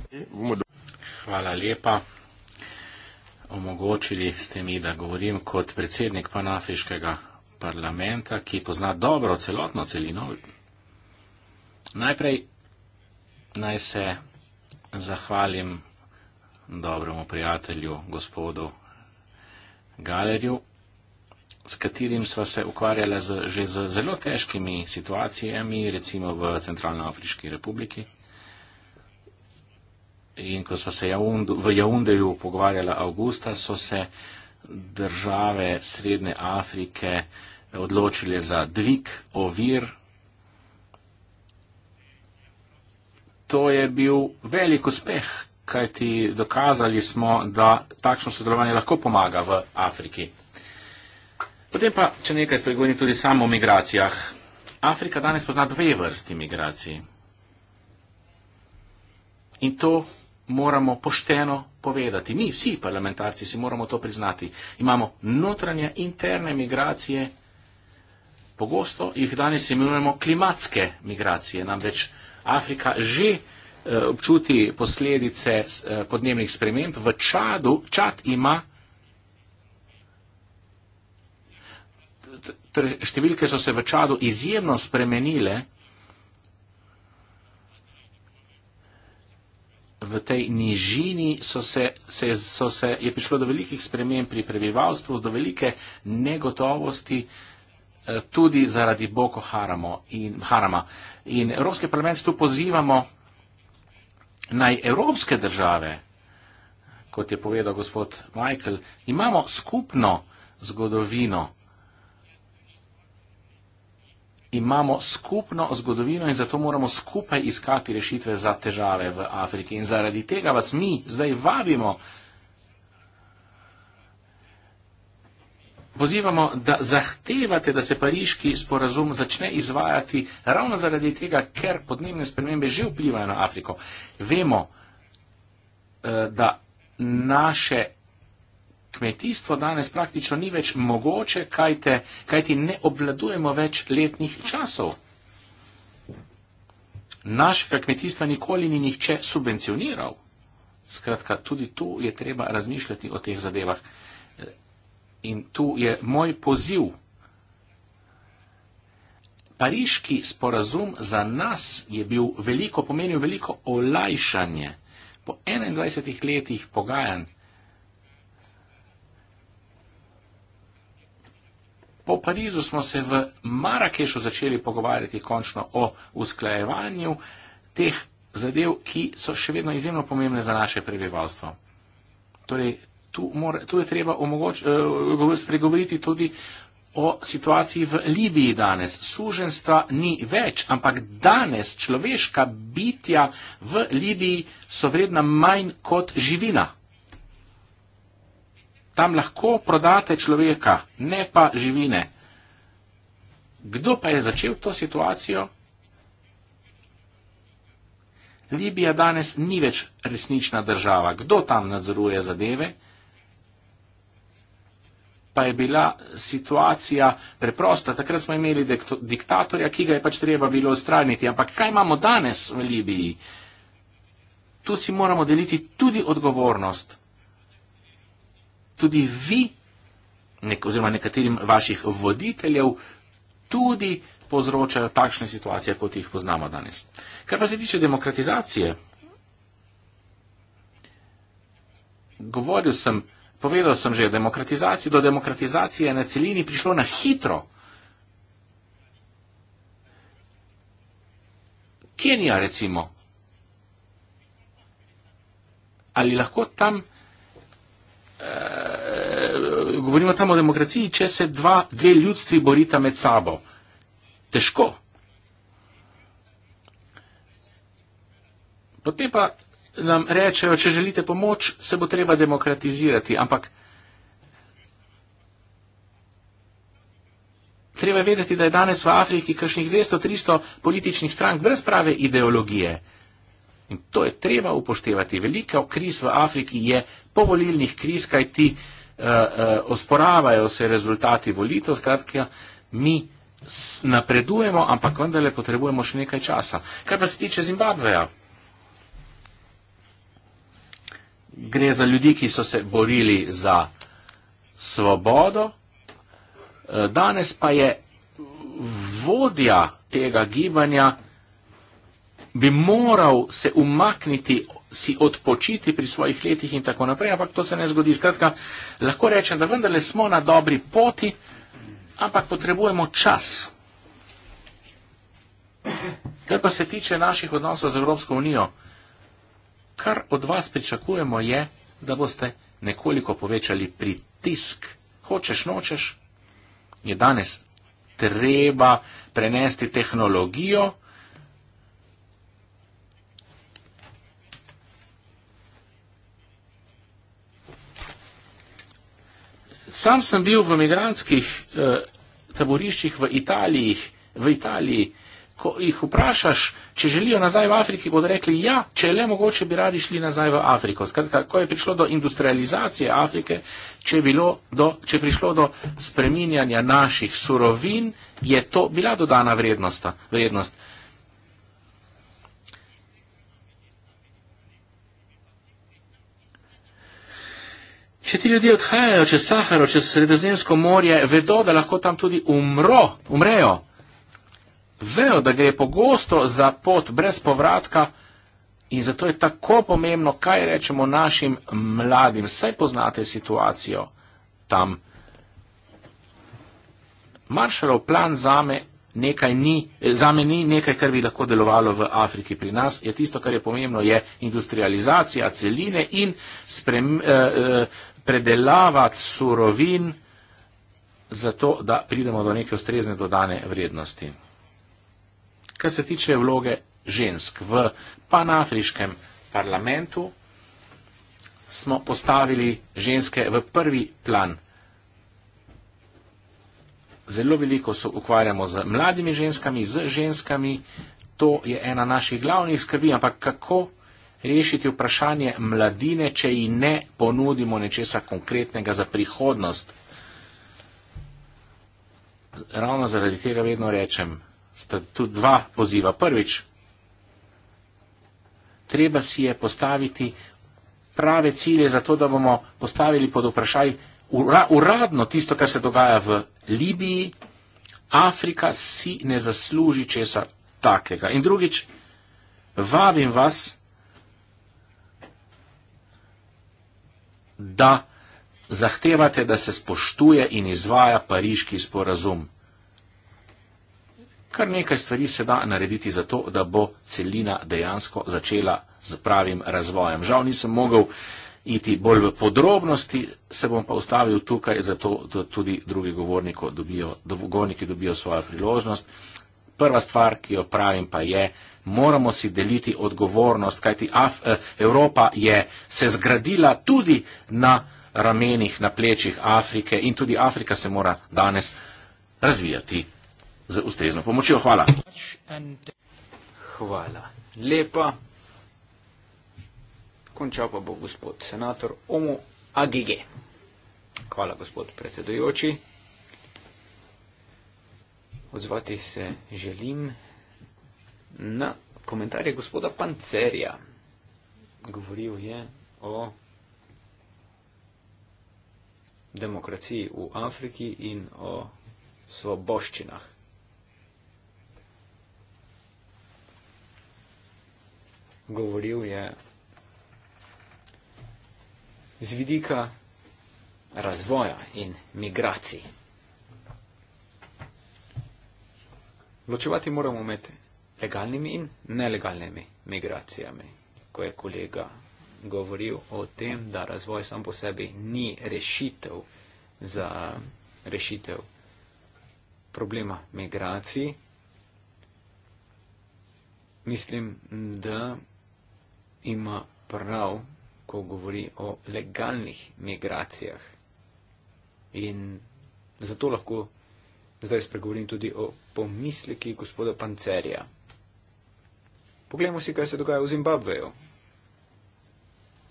Hvala lepa. Omogočili ste mi, da govorim kot predsednik panafriškega parlamenta, ki pozna dobro celotno celino. Najprej naj se zahvalim dobremu prijatelju, gospodu Galerju, s katerim sva se ukvarjala z, že z zelo težkimi situacijami, recimo v Centralnoafriški republiki. In ko sva se v Jaundeju pogovarjala avgusta, so se države Srednje Afrike odločile za dvig ovir to je bil velik uspeh, kajti dokazali smo, da takšno sodelovanje lahko pomaga v Afriki. Potem pa, če nekaj spregovorim tudi samo o migracijah. Afrika danes pozna dve vrsti migracij. In to moramo pošteno povedati. Mi, vsi parlamentarci, si moramo to priznati. Imamo notranje interne migracije, pogosto jih danes imenujemo klimatske migracije, namreč Afrika že eh, občuti posledice eh, podnebnih sprememb. V Čadu Čad ima. Številke so se v Čadu izjemno spremenile v tej nižini, so se, se, so se, je prišlo do velikih sprememb pri prebivalstvu, do velike negotovosti. Uh, Eh, tudi zaradi Boko Haramo in, Harama. In Evropski parlament tu pozivamo naj evropske države, kot je povedal gospod Michael, imamo skupno zgodovino. Imamo skupno zgodovino in zato moramo skupaj iskati rešitve za težave v Afriki. In zaradi tega vas mi zdaj vabimo Pozivamo, da zahtevate, da se pariški sporazum začne izvajati ravno zaradi tega, ker podnebne spremembe že vplivajo na Afriko. Vemo, eh, da naše kmetijstvo danes praktično ni več mogoče, kajti ne obvladujemo več letnih časov. Našega kmetijstva nikoli ni nihče subvencioniral. Skratka, tudi tu je treba razmišljati o teh zadevah. In tu je moj poziv. Pariški sporazum za nas je bil veliko, pomenil veliko olajšanje. Po 21 letih pogajanj, po Parizu smo se v Marakešu začeli pogovarjati končno o usklajevanju teh zadev, ki so še vedno izjemno pomembne za naše prebivalstvo. Torej, tu, more, tu je treba omogoč, uh, spregovoriti tudi o situaciji v Libiji danes. Suženstva ni več, ampak danes človeška bitja v Libiji so vredna manj kot živina. Tam lahko prodate človeka, ne pa živine. Kdo pa je začel to situacijo? Libija danes ni več resnična država. Kdo tam nadzoruje zadeve? pa je bila situacija preprosta. Takrat smo imeli diktatorja, ki ga je pač treba bilo odstraniti. Ampak kaj imamo danes v Libiji? Tu si moramo deliti tudi odgovornost. Tudi vi, nek, oziroma nekaterim vaših voditeljev, tudi povzročajo takšne situacije, kot jih poznamo danes. Kar pa se tiče demokratizacije, govoril sem, Povedal sem že, demokratizacija, do demokratizacije je na celini prišlo na hitro. Kenija, recimo. Ali lahko tam, e, govorimo tam o demokraciji, če se dva, dve ljudstvi borita med sabo? Težko. Potem pa nam rečejo, če želite pomoč, se bo treba demokratizirati, ampak treba vedeti, da je danes v Afriki kakšnih 200-300 političnih strank brez prave ideologije. In to je treba upoštevati. Velika kriz v Afriki je povolilnih kriz, kaj ti uh, eh, uh, eh, osporavajo se rezultati volitev, skratka, mi napredujemo, ampak vendarle potrebujemo še nekaj časa. Kar pa se tiče Zimbabveja. gre za ljudi, ki so se borili za svobodo. E, danes pa je vodja tega gibanja, bi moral se umakniti, si odpočiti pri svojih letih in tako naprej, ampak to se ne zgodi. Skratka, lahko rečem, da vendarle smo na dobri poti, ampak potrebujemo čas. Kar pa se tiče naših odnosov z Evropsko unijo, kar od vas pričakujemo je, da boste nekoliko povečali pritisk. Hočeš, nočeš, je danes treba prenesti tehnologijo. Sam sem bil v migranskih eh, taboriščih v Italiji, v Italiji ko jih vprašaš, če želijo nazaj v Afriki, bodo rekli, ja, če le mogoče bi radi šli nazaj v Afriko. Skratka, ko je prišlo do industrializacije Afrike, če je, bilo do, če je prišlo do spreminjanja naših surovin, je to bila dodana vrednost. vrednost. Če ti ljudje odhajajo čez Saharo, čez Sredozemsko morje, vedo, da lahko tam tudi umro, umrejo, vejo, da gre pogosto za pot brez povratka in zato je tako pomembno, kaj rečemo našim mladim. Saj poznate situacijo tam. Maršalov plan zame nekaj ni, zame ni nekaj, kar bi lahko delovalo v Afriki pri nas. Je tisto, kar je pomembno, je industrializacija celine in sprem, eh, eh predelavati surovin za to, da pridemo do neke ustrezne dodane vrednosti kar se tiče vloge žensk v panafriškem parlamentu, smo postavili ženske v prvi plan. Zelo veliko se ukvarjamo z mladimi ženskami, z ženskami, to je ena naših glavnih skrbi, ampak kako rešiti vprašanje mladine, če ji ne ponudimo nečesa konkretnega za prihodnost. Ravno zaradi tega vedno rečem, sta tu dva poziva. Prvič, treba si je postaviti prave cilje za to, da bomo postavili pod vprašaj ura, uradno tisto, kar se dogaja v Libiji. Afrika si ne zasluži česa takega. In drugič, vabim vas, da zahtevate, da se spoštuje in izvaja pariški sporazum. Kar nekaj stvari se da narediti za to, da bo celina dejansko začela z pravim razvojem. Žal nisem mogel iti bolj v podrobnosti, se bom pa ustavil tukaj, zato da tudi drugi dobijo, govorniki dobijo svojo priložnost. Prva stvar, ki jo pravim, pa je, moramo si deliti odgovornost, kajti Af, eh, Evropa je se zgradila tudi na ramenih, na plečih Afrike in tudi Afrika se mora danes razvijati z ustrezno pomočjo. Hvala. Hvala. Lepa. Končal pa bo gospod senator Omu Agige. Hvala, gospod predsedujoči. Odzvati se želim na komentarje gospoda Pancerja. Govoril je o demokraciji v Afriki in o svoboščinah. govoril je z vidika razvoja in migracij. Ločevati moramo med legalnimi in nelegalnimi migracijami. Ko je kolega govoril o tem, da razvoj sam po sebi ni rešitev za rešitev problema migracij, mislim, da ima prav, ko govori o legalnih migracijah. In zato lahko zdaj spregovorim tudi o pomisleki gospoda Pancerja. Poglejmo si, kaj se dogaja v Zimbabveju.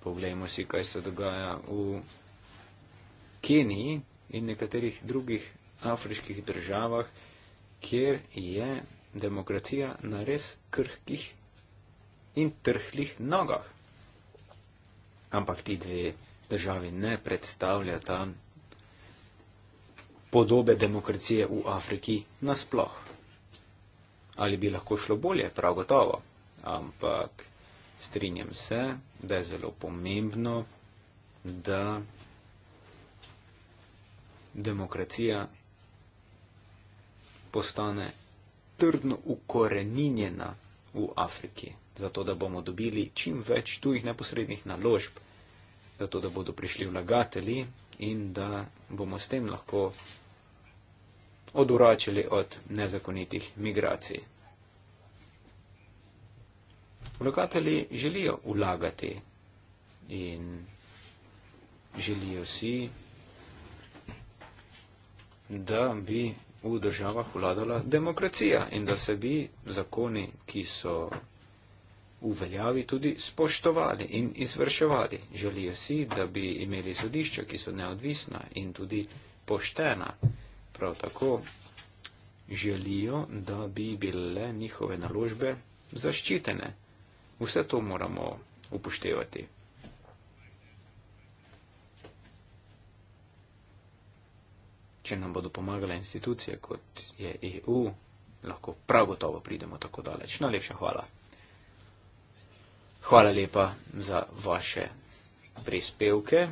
Poglejmo si, kaj se dogaja v Keniji in nekaterih drugih afriških državah, kjer je demokracija na res krhkih in trhlih nogah. Ampak ti dve državi ne predstavljata podobe demokracije v Afriki nasploh. Ali bi lahko šlo bolje, prav gotovo. Ampak strinjam se, da je zelo pomembno, da demokracija postane trdno ukoreninjena v Afriki zato da bomo dobili čim več tujih neposrednih naložb, zato da bodo prišli vlagatelji in da bomo s tem lahko odvračali od nezakonitih migracij. Vlagatelji želijo vlagati in želijo si, da bi v državah vladala demokracija in da se bi zakoni, ki so uveljavi tudi spoštovali in izvrševali. Želijo si, da bi imeli sodišča, ki so neodvisna in tudi poštena. Prav tako želijo, da bi bile njihove naložbe zaščitene. Vse to moramo upoštevati. Če nam bodo pomagale institucije, kot je EU, lahko prav gotovo pridemo tako daleč. Najlepša hvala. Hvala lepa za vaše prispevke.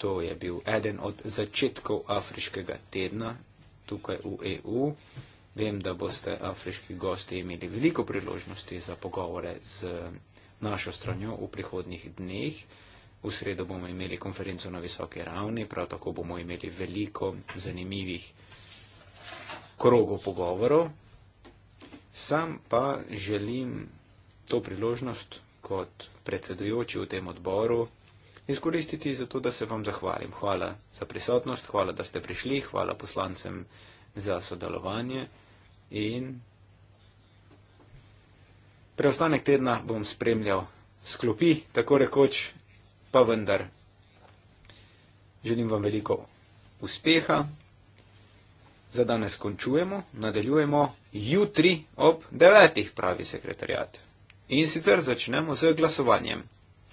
To je bil eden od začetkov afriškega tedna tukaj v EU. Vem, da boste afriški gosti imeli veliko priložnosti za pogovore z našo stranjo v prihodnih dneh. V sredo bomo imeli konferenco na visoke ravni, prav tako bomo imeli veliko zanimivih krogov pogovorov. Sam pa želim to priložnost kot predsedujoči v tem odboru izkoristiti za to, da se vam zahvalim. Hvala za prisotnost, hvala, da ste prišli, hvala poslancem za sodelovanje in preostanek tedna bom spremljal sklopi, tako rekoč, pa vendar. Želim vam veliko uspeha. Za danes končujemo, nadaljujemo jutri ob devetih, pravi sekretarjat. In sicer začnemo z glasovanjem.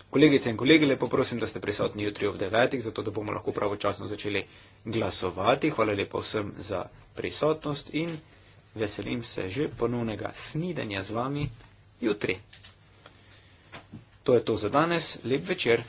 Kolegice in kolegi, lepo prosim, da ste prisotni jutri ob devetih, zato da bomo lahko pravočasno začeli glasovati. Hvala lepo vsem za prisotnost in veselim se že ponovnega snidenja z vami jutri. To je to za danes. Lep večer.